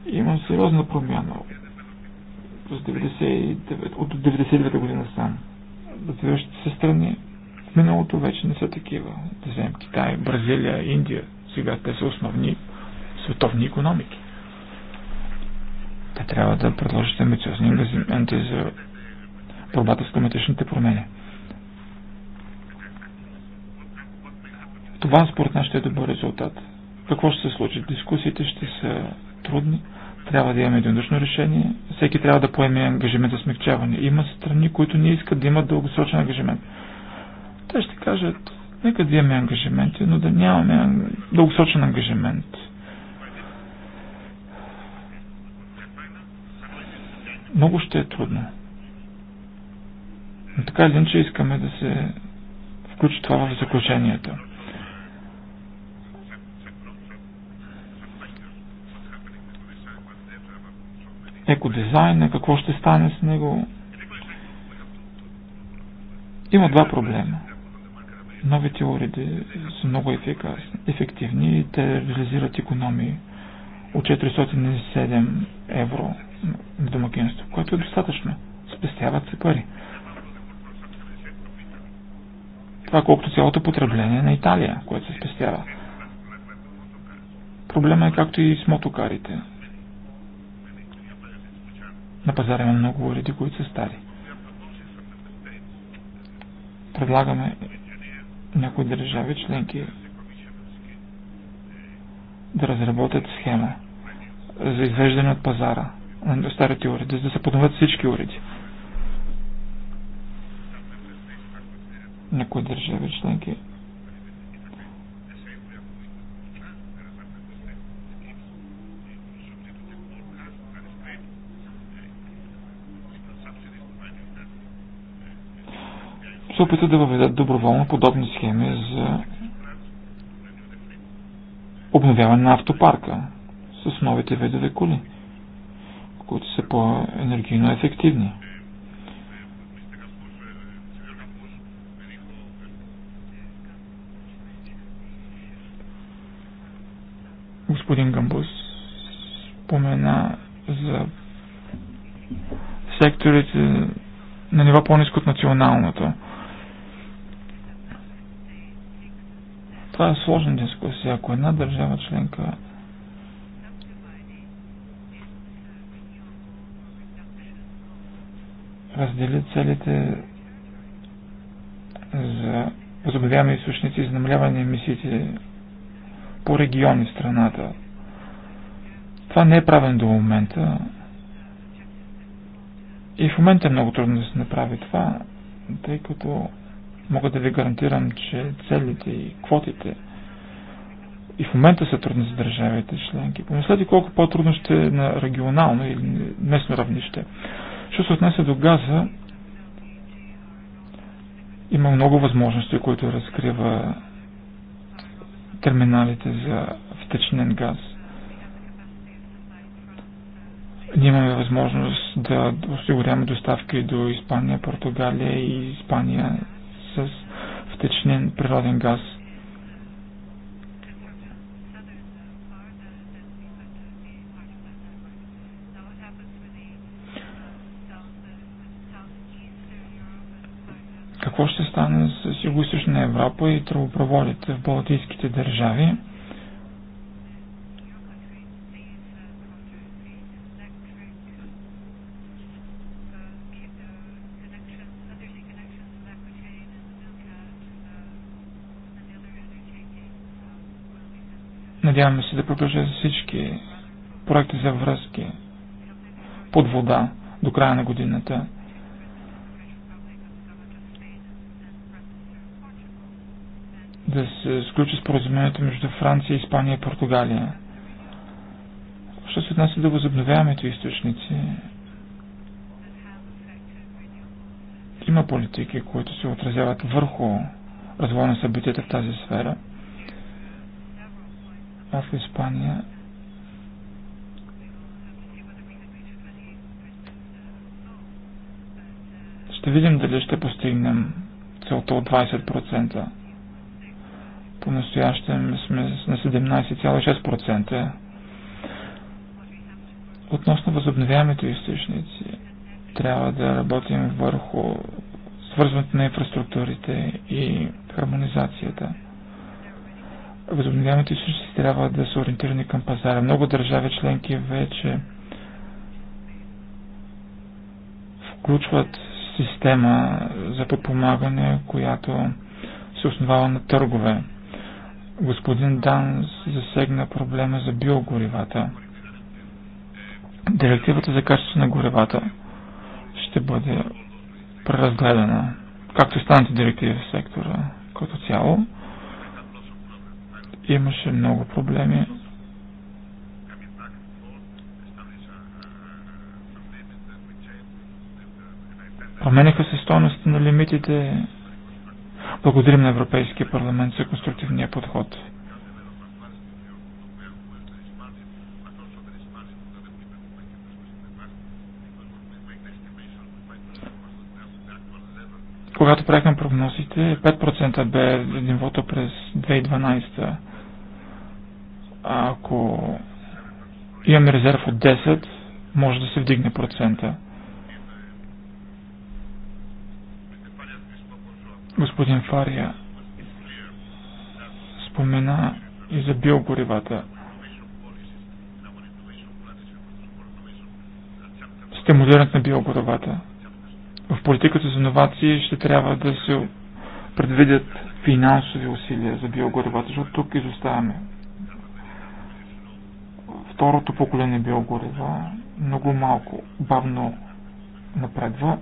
Има сериозна промяна от 99, от 99 година сам. Развиващите се страни в миналото вече не са такива. Да вземем Китай, Бразилия, Индия – сега те са основни световни економики. Те трябва да предложат амбициозни ангажименти за борбата с климатичните промени. Това според нас ще е добър резултат. Какво ще се случи? Дискусиите ще са трудни. Трябва да имаме единодушно решение. Всеки трябва да поеме ангажимент за смягчаване. Има страни, които не искат да имат дългосрочен ангажимент. Те ще кажат, Нека да имаме ангажименти, но да нямаме дългосочен ангажимент. Много ще е трудно. Но така един, че искаме да се включи това в заключенията. екодизайна, какво ще стане с него. Има два проблема. Новите уреди са много ефективни и те реализират економии от 407 евро на домакинство, което е достатъчно. Спестяват се пари. Това колкото цялото потребление на Италия, което се спестява. Проблема е както и с мотокарите. На пазара има много уреди, които са стари. Предлагаме някои държави членки да разработят схема за извеждане от пазара на старите уреди, за да се подновят всички уреди. Някои държави членки се опитат да въведат доброволно подобни схеми за обновяване на автопарка с новите видове коли, които са по-енергийно ефективни. Господин Гамбус спомена за секторите на ниво по-низко от националното. Това е сложна дискусия. Ако една държава членка раздели целите за възобновяеми източници и за намаляване емисиите по региони в страната. Това не е правен до момента. И в момента е много трудно да се направи това, тъй като Мога да ви гарантирам, че целите и квотите и в момента са трудни за държавите членки. Помислете колко по-трудно ще е на регионално или местно равнище. Що се отнася до газа, има много възможности, които разкрива терминалите за втечнен газ. Ние имаме възможност да осигуряваме доставки до Испания, Португалия и Испания с втечнен природен газ. Какво ще стане с Юго-Источна Европа и тръбопроводите в Балтийските държави? Надяваме се да за всички проекти за връзки под вода до края на годината. Да се сключи споразумението между Франция, Испания и Португалия. Що се отнася до възобновяемите източници, има политики, които се отразяват върху развоя на събитията в тази сфера – в Испания ще видим дали ще постигнем целта от 20%. По-настоящем сме на 17,6%. Относно възобновяемите източници, трябва да работим върху свързването на инфраструктурите и хармонизацията – възобновяемите източници трябва да са ориентирани към пазара. Много държави членки вече включват система за подпомагане, която се основава на търгове. Господин Дан засегна проблема за биогоривата. Директивата за качество на горевата ще бъде преразгледана, както и станете директиви в сектора като цяло. Имаше много проблеми. Променяха се стойности на лимитите. Благодарим на Европейския парламент за конструктивния подход. Когато правихме прогнозите, 5% бе нивото през 2012 ако имаме резерв от 10, може да се вдигне процента. Господин Фария спомена и за биогоривата. Стимулирането на биогоривата. В политиката за инновации ще трябва да се предвидят финансови усилия за биогоривата, защото тук изоставаме второто поколение биогорива много малко, бавно напредва.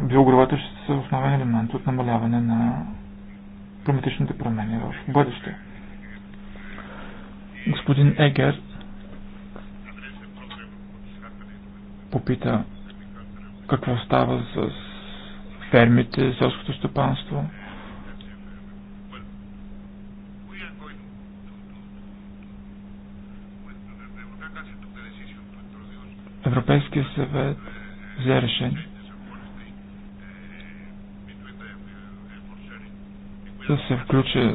Биогоривата ще са основен елемент от намаляване на климатичните промени в бъдеще. Господин Егер попита какво става с фермите, селското стопанство – Европейския съвет взе решение да се включи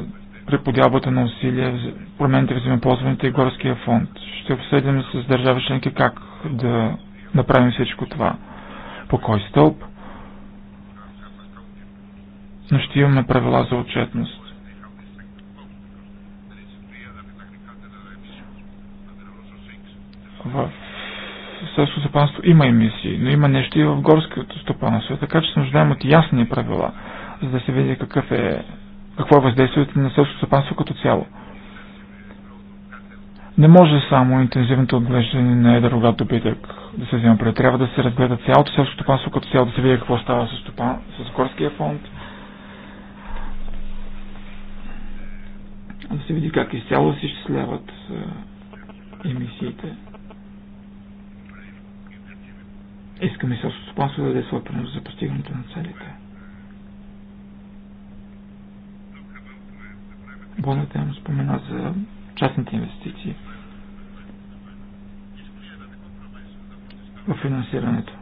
при подялбата на усилия промените в земеползването и горския фонд. Ще обсъдим с държави членки как да направим всичко това. По кой стълб? Но ще имаме правила за отчетност. В селско стопанство има емисии, но има нещо и в горското стопанство, така че се нуждаем от ясни правила, за да се види какъв е, какво е въздействието на селското стопанство като цяло. Не може само интензивното отглеждане на едър рогат добитък да се взема пред. Трябва да се разгледа цялото селско стопанство като цяло, да се види какво става с, стопан, с горския фонд, да се види как изцяло се изчисляват е, емисиите. Искаме селското стопанство да даде своя принос за постигането на целите. Бонът му спомена за частните инвестиции в финансирането.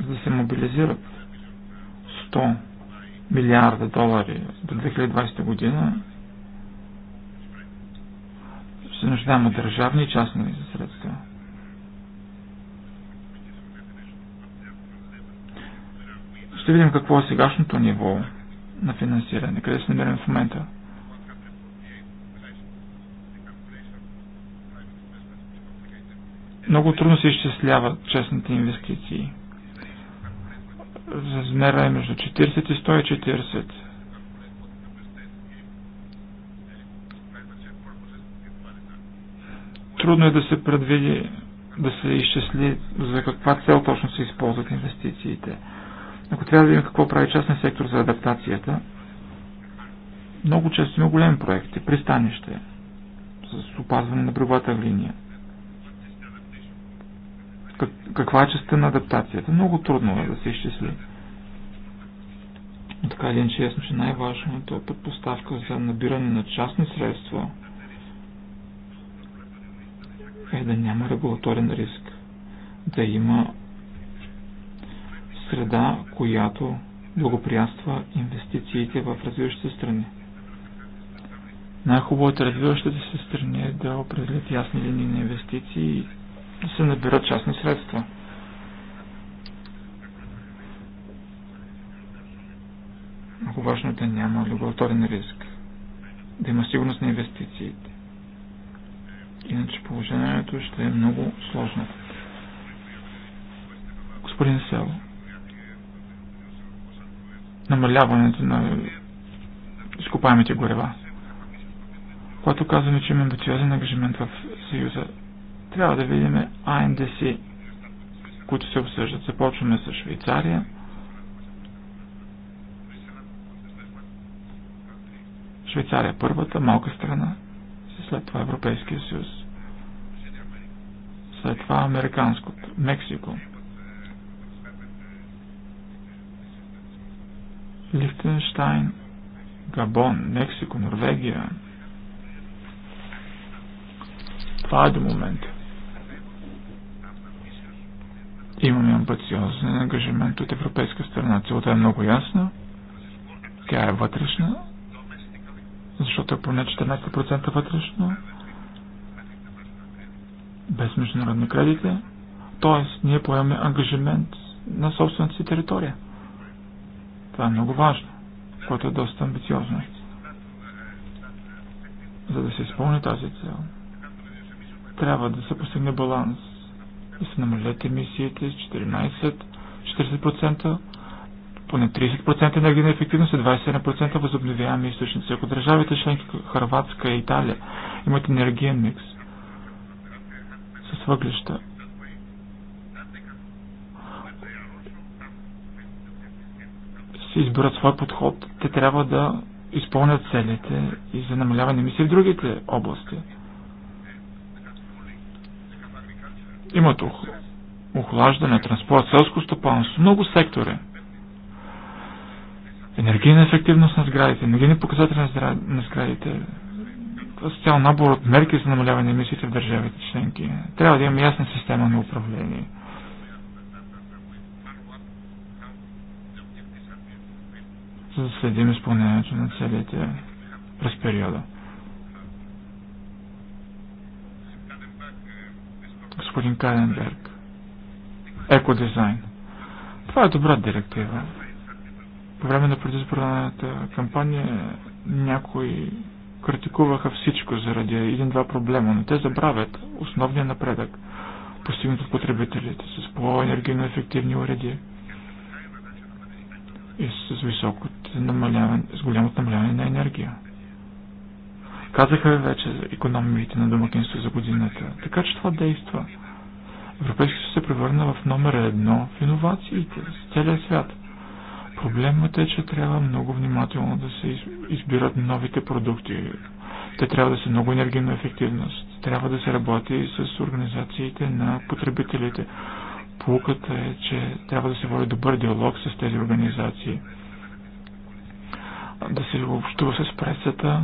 За да се мобилизират 100 милиарда долари до 2020 година, се нуждаем от държавни и частни средства. Ще видим какво е сегашното ниво на финансиране, къде се намираме в момента. Много трудно се изчисляват честните инвестиции. Размера е между 40 и 140. Трудно е да се предвиди, да се изчисли за каква цел точно се използват инвестициите. Ако трябва да видим какво прави частния сектор за адаптацията, много често има големи проекти, пристанище, с опазване на бревата линия. Каква е частта на адаптацията? Много трудно е да се изчисли. Но така един честно, че най-важното е предпоставка за набиране на частни средства – е да няма регулаторен риск, да има среда, която благоприятства инвестициите в развиващите страни. Най-хубавото развиващите се страни е да определят ясни линии на инвестиции и да се наберат частни средства. Много важно е да няма регулаторен риск, да има сигурност на инвестициите. Иначе положението ще е много сложно. Господин Село, намаляването на изкопаемите горева. Когато казваме, че има амбициозен ангажимент в Съюза, трябва да видим АНДС, които се обсъждат. Започваме с Швейцария. Швейцария е първата, малка страна, след това Европейския съюз, след това Американското, Мексико, Лихтенштайн, Габон, Мексико, Норвегия. Това е до момента. Имаме амбициозен ангажимент от европейска страна. Целта е много ясна. Тя е вътрешна защото е поне 14% вътрешно, без международни кредити, т.е. ние поемаме ангажимент на собствената си територия. Това е много важно, което е доста амбициозно. За да се изпълни тази цел, трябва да се постигне баланс и се намалят емисиите с 14-40% поне 30% енергийна ефективност и 27% възобновяеми източници. Ако държавите членки Харватска и Италия имат енергиен микс с въглища, си изберат свой подход, те трябва да изпълнят целите и за намаляване мисли в другите области. Имат охлаждане, транспорт, селско стопанство, много сектори – енергийна ефективност на сградите, енергийни показатели на, сградите, с цял набор от мерки за намаляване на емисиите в държавите членки. Трябва да имаме ясна система на управление. За да следим изпълнението на целите през периода. Господин Каденберг. Екодизайн. Това е добра директива. По време на предизборната кампания някои критикуваха всичко заради един-два проблема, но те забравят основния напредък, постигнат от потребителите с по-енергийно ефективни уреди и с, високо намаляване, с голямо намаляване на енергия. Казаха вече за економиите на домакинство за годината, така че това действа. Европейски се превърна в номер едно в иновациите с целия свят – Проблемът е, че трябва много внимателно да се избират новите продукти. Те трябва да са много енергийна ефективност. Трябва да се работи с организациите на потребителите. Полуката е, че трябва да се води добър диалог с тези организации. Да се общува с пресата,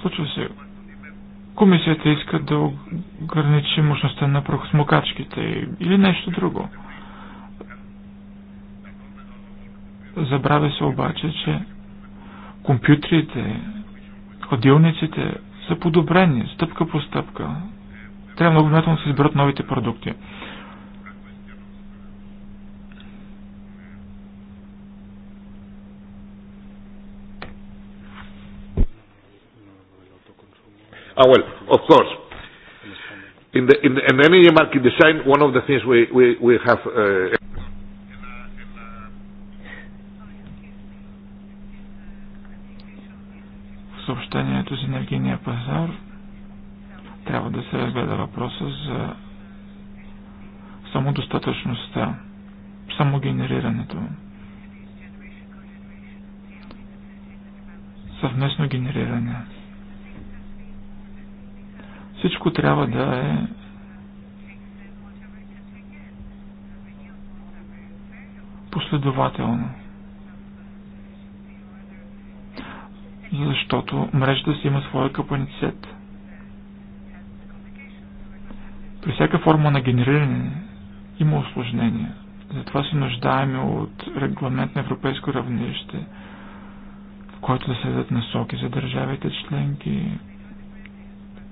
случва се Комисията иска да ограничи мощността на прахосмокачките или нещо друго. Забравя се обаче, че компютрите, ходилниците са подобрени стъпка по стъпка. Трябва много внимателно да се изберат новите продукти. Oh, well, of course. In the, in the, in the energy market design, one of the things we, we, we have. Uh, Съобщението за енергийния пазар трябва да се разгледа въпроса за самодостатъчността, самогенерирането. съвместно генериране. Всичко трябва да е последователно. Защото мрежата си има своя капаницет. При всяка форма на генериране има осложнения. Затова се нуждаем от регламент на европейско равнище, в който да следят насоки за държавите членки,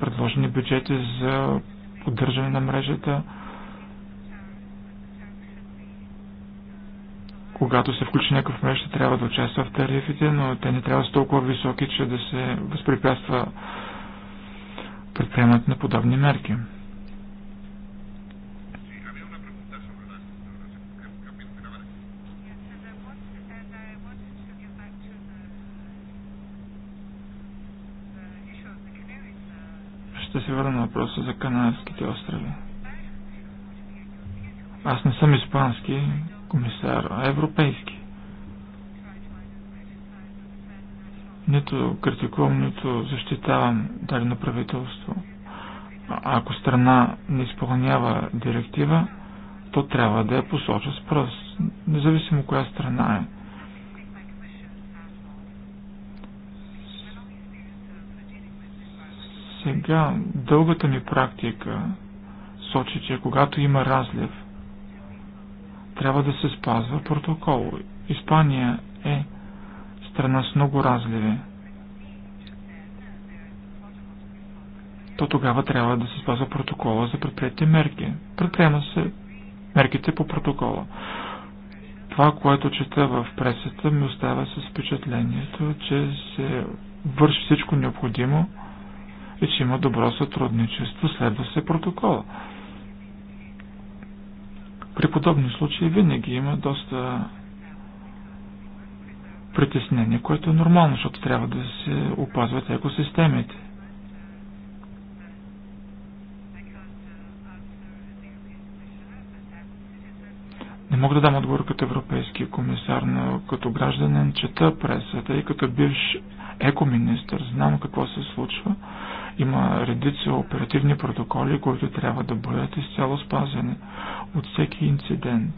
предложени бюджети за поддържане на мрежата. Когато се включи някакъв мрежа, трябва да участва в тарифите, но те не трябва да са толкова високи, че да се възпрепятства предприемането на подобни мерки. въпроса за Канадските острови. Аз не съм испански комисар, а европейски. Нито критикувам, нито защитавам дадено правителство. А ако страна не изпълнява директива, то трябва да я посоча с пръст, независимо коя страна е. Сега дългата ми практика сочи, че когато има разлив, трябва да се спазва протокол. Испания е страна с много разливи. То тогава трябва да се спазва протокола за предприятите мерки. Предприема се мерките по протокола. Това, което чета в пресата, ми оставя с впечатлението, че се върши всичко необходимо, и че има добро сътрудничество, следва се протокола. При подобни случаи винаги има доста притеснение, което е нормално, защото трябва да се опазват екосистемите. Не мога да дам отговор като европейски комисар, но като гражданин чета пресата и като бивш екоминистър знам какво се случва има редица оперативни протоколи, които трябва да бъдат изцяло спазени от всеки инцидент.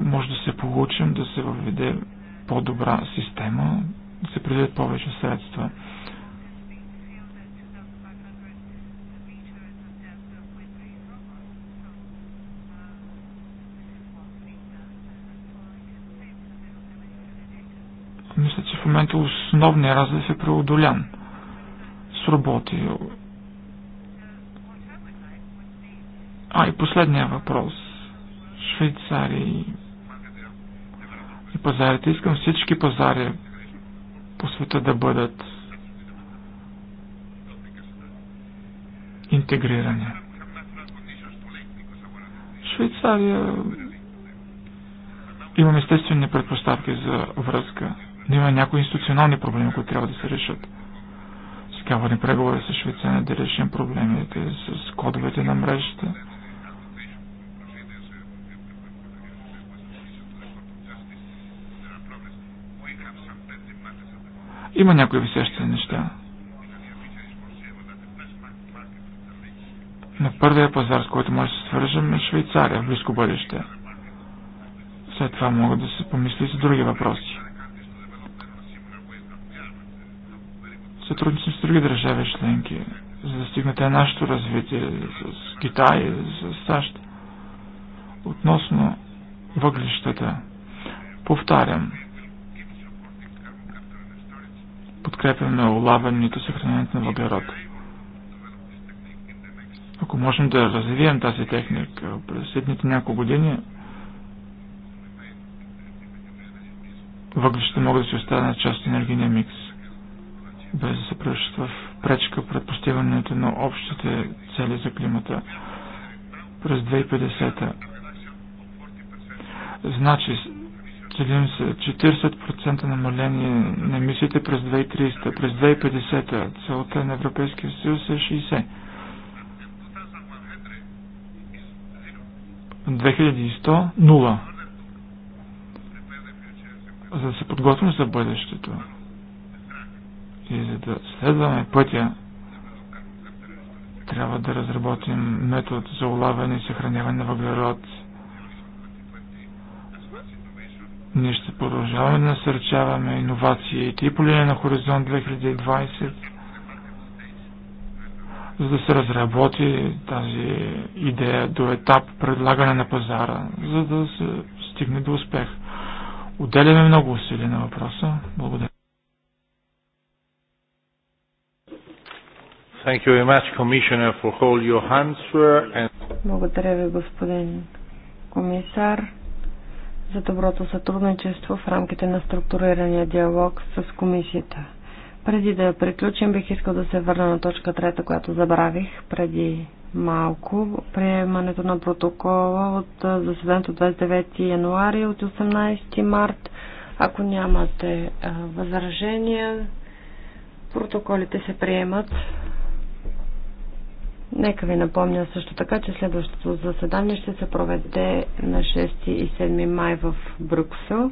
Може да се получим да се въведе по-добра система, да се предвидят повече средства. мисля, че в момента основният разлив е преодолян сработил. А, и последния въпрос. Швейцарии и пазарите. Искам всички пазари по света да бъдат интегрирани. Швейцария имам естествени предпоставки за връзка, но има някои институционални проблеми, които трябва да се решат прекратяване преговори с Швейцария, да решим проблемите с кодовете на мрежата. Има някои висящи неща. На първия пазар, с който може да се свържем, е Швейцария в близко бъдеще. След това могат да се помисли за други въпроси. сътрудничество с други държави членки, за да стигнете нашето развитие с Китай, с САЩ. Относно въглищата, повтарям, подкрепяме улавянето съхранението на въглерод. Ако можем да развием тази техника през следните няколко години, въглищата могат да се останат част от енергийния микс без да се превръщат в пречка пред постигането на общите цели за климата през 2050. та Значи, целим се 40% намаление на емисиите през 2300, през 2050 целта на Европейския съюз е 60. 2100 0 За да се подготвим за бъдещето. И за да следваме пътя, трябва да разработим метод за улавяне и съхраняване на въглерод. Ние ще продължаваме да насърчаваме иновации и по линия на Хоризонт 2020, за да се разработи тази идея до етап предлагане на пазара, за да се стигне до успех. Отделяме много усилия на въпроса. Благодаря. Thank you very much, Commissioner, for all your answer and... Благодаря ви, господин комисар, за доброто сътрудничество в рамките на структурирания диалог с комисията. Преди да приключим, бих искал да се върна на точка трета, която забравих преди малко. Приемането на протокола от заседанието 29 януари от 18 март. Ако нямате възражения, протоколите се приемат Нека ви напомня също така, че следващото заседание ще се проведе на 6 и 7 май в Брюксел.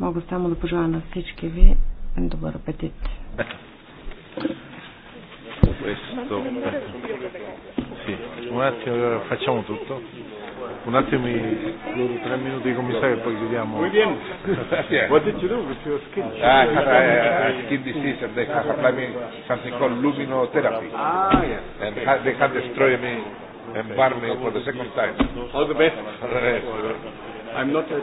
Мога само да пожелая на всички ви добър апетит. Sì, un attimo facciamo tutto un attimo, loro tre minuti di commissario e poi chiudiamo. Muy bien. What did you do with your skin? Ah, uh, skin disease and they have applied me something called luminotherapy. Ah, yes. And okay. they have destroyed me and burned me for the second time. All the best. I'm not a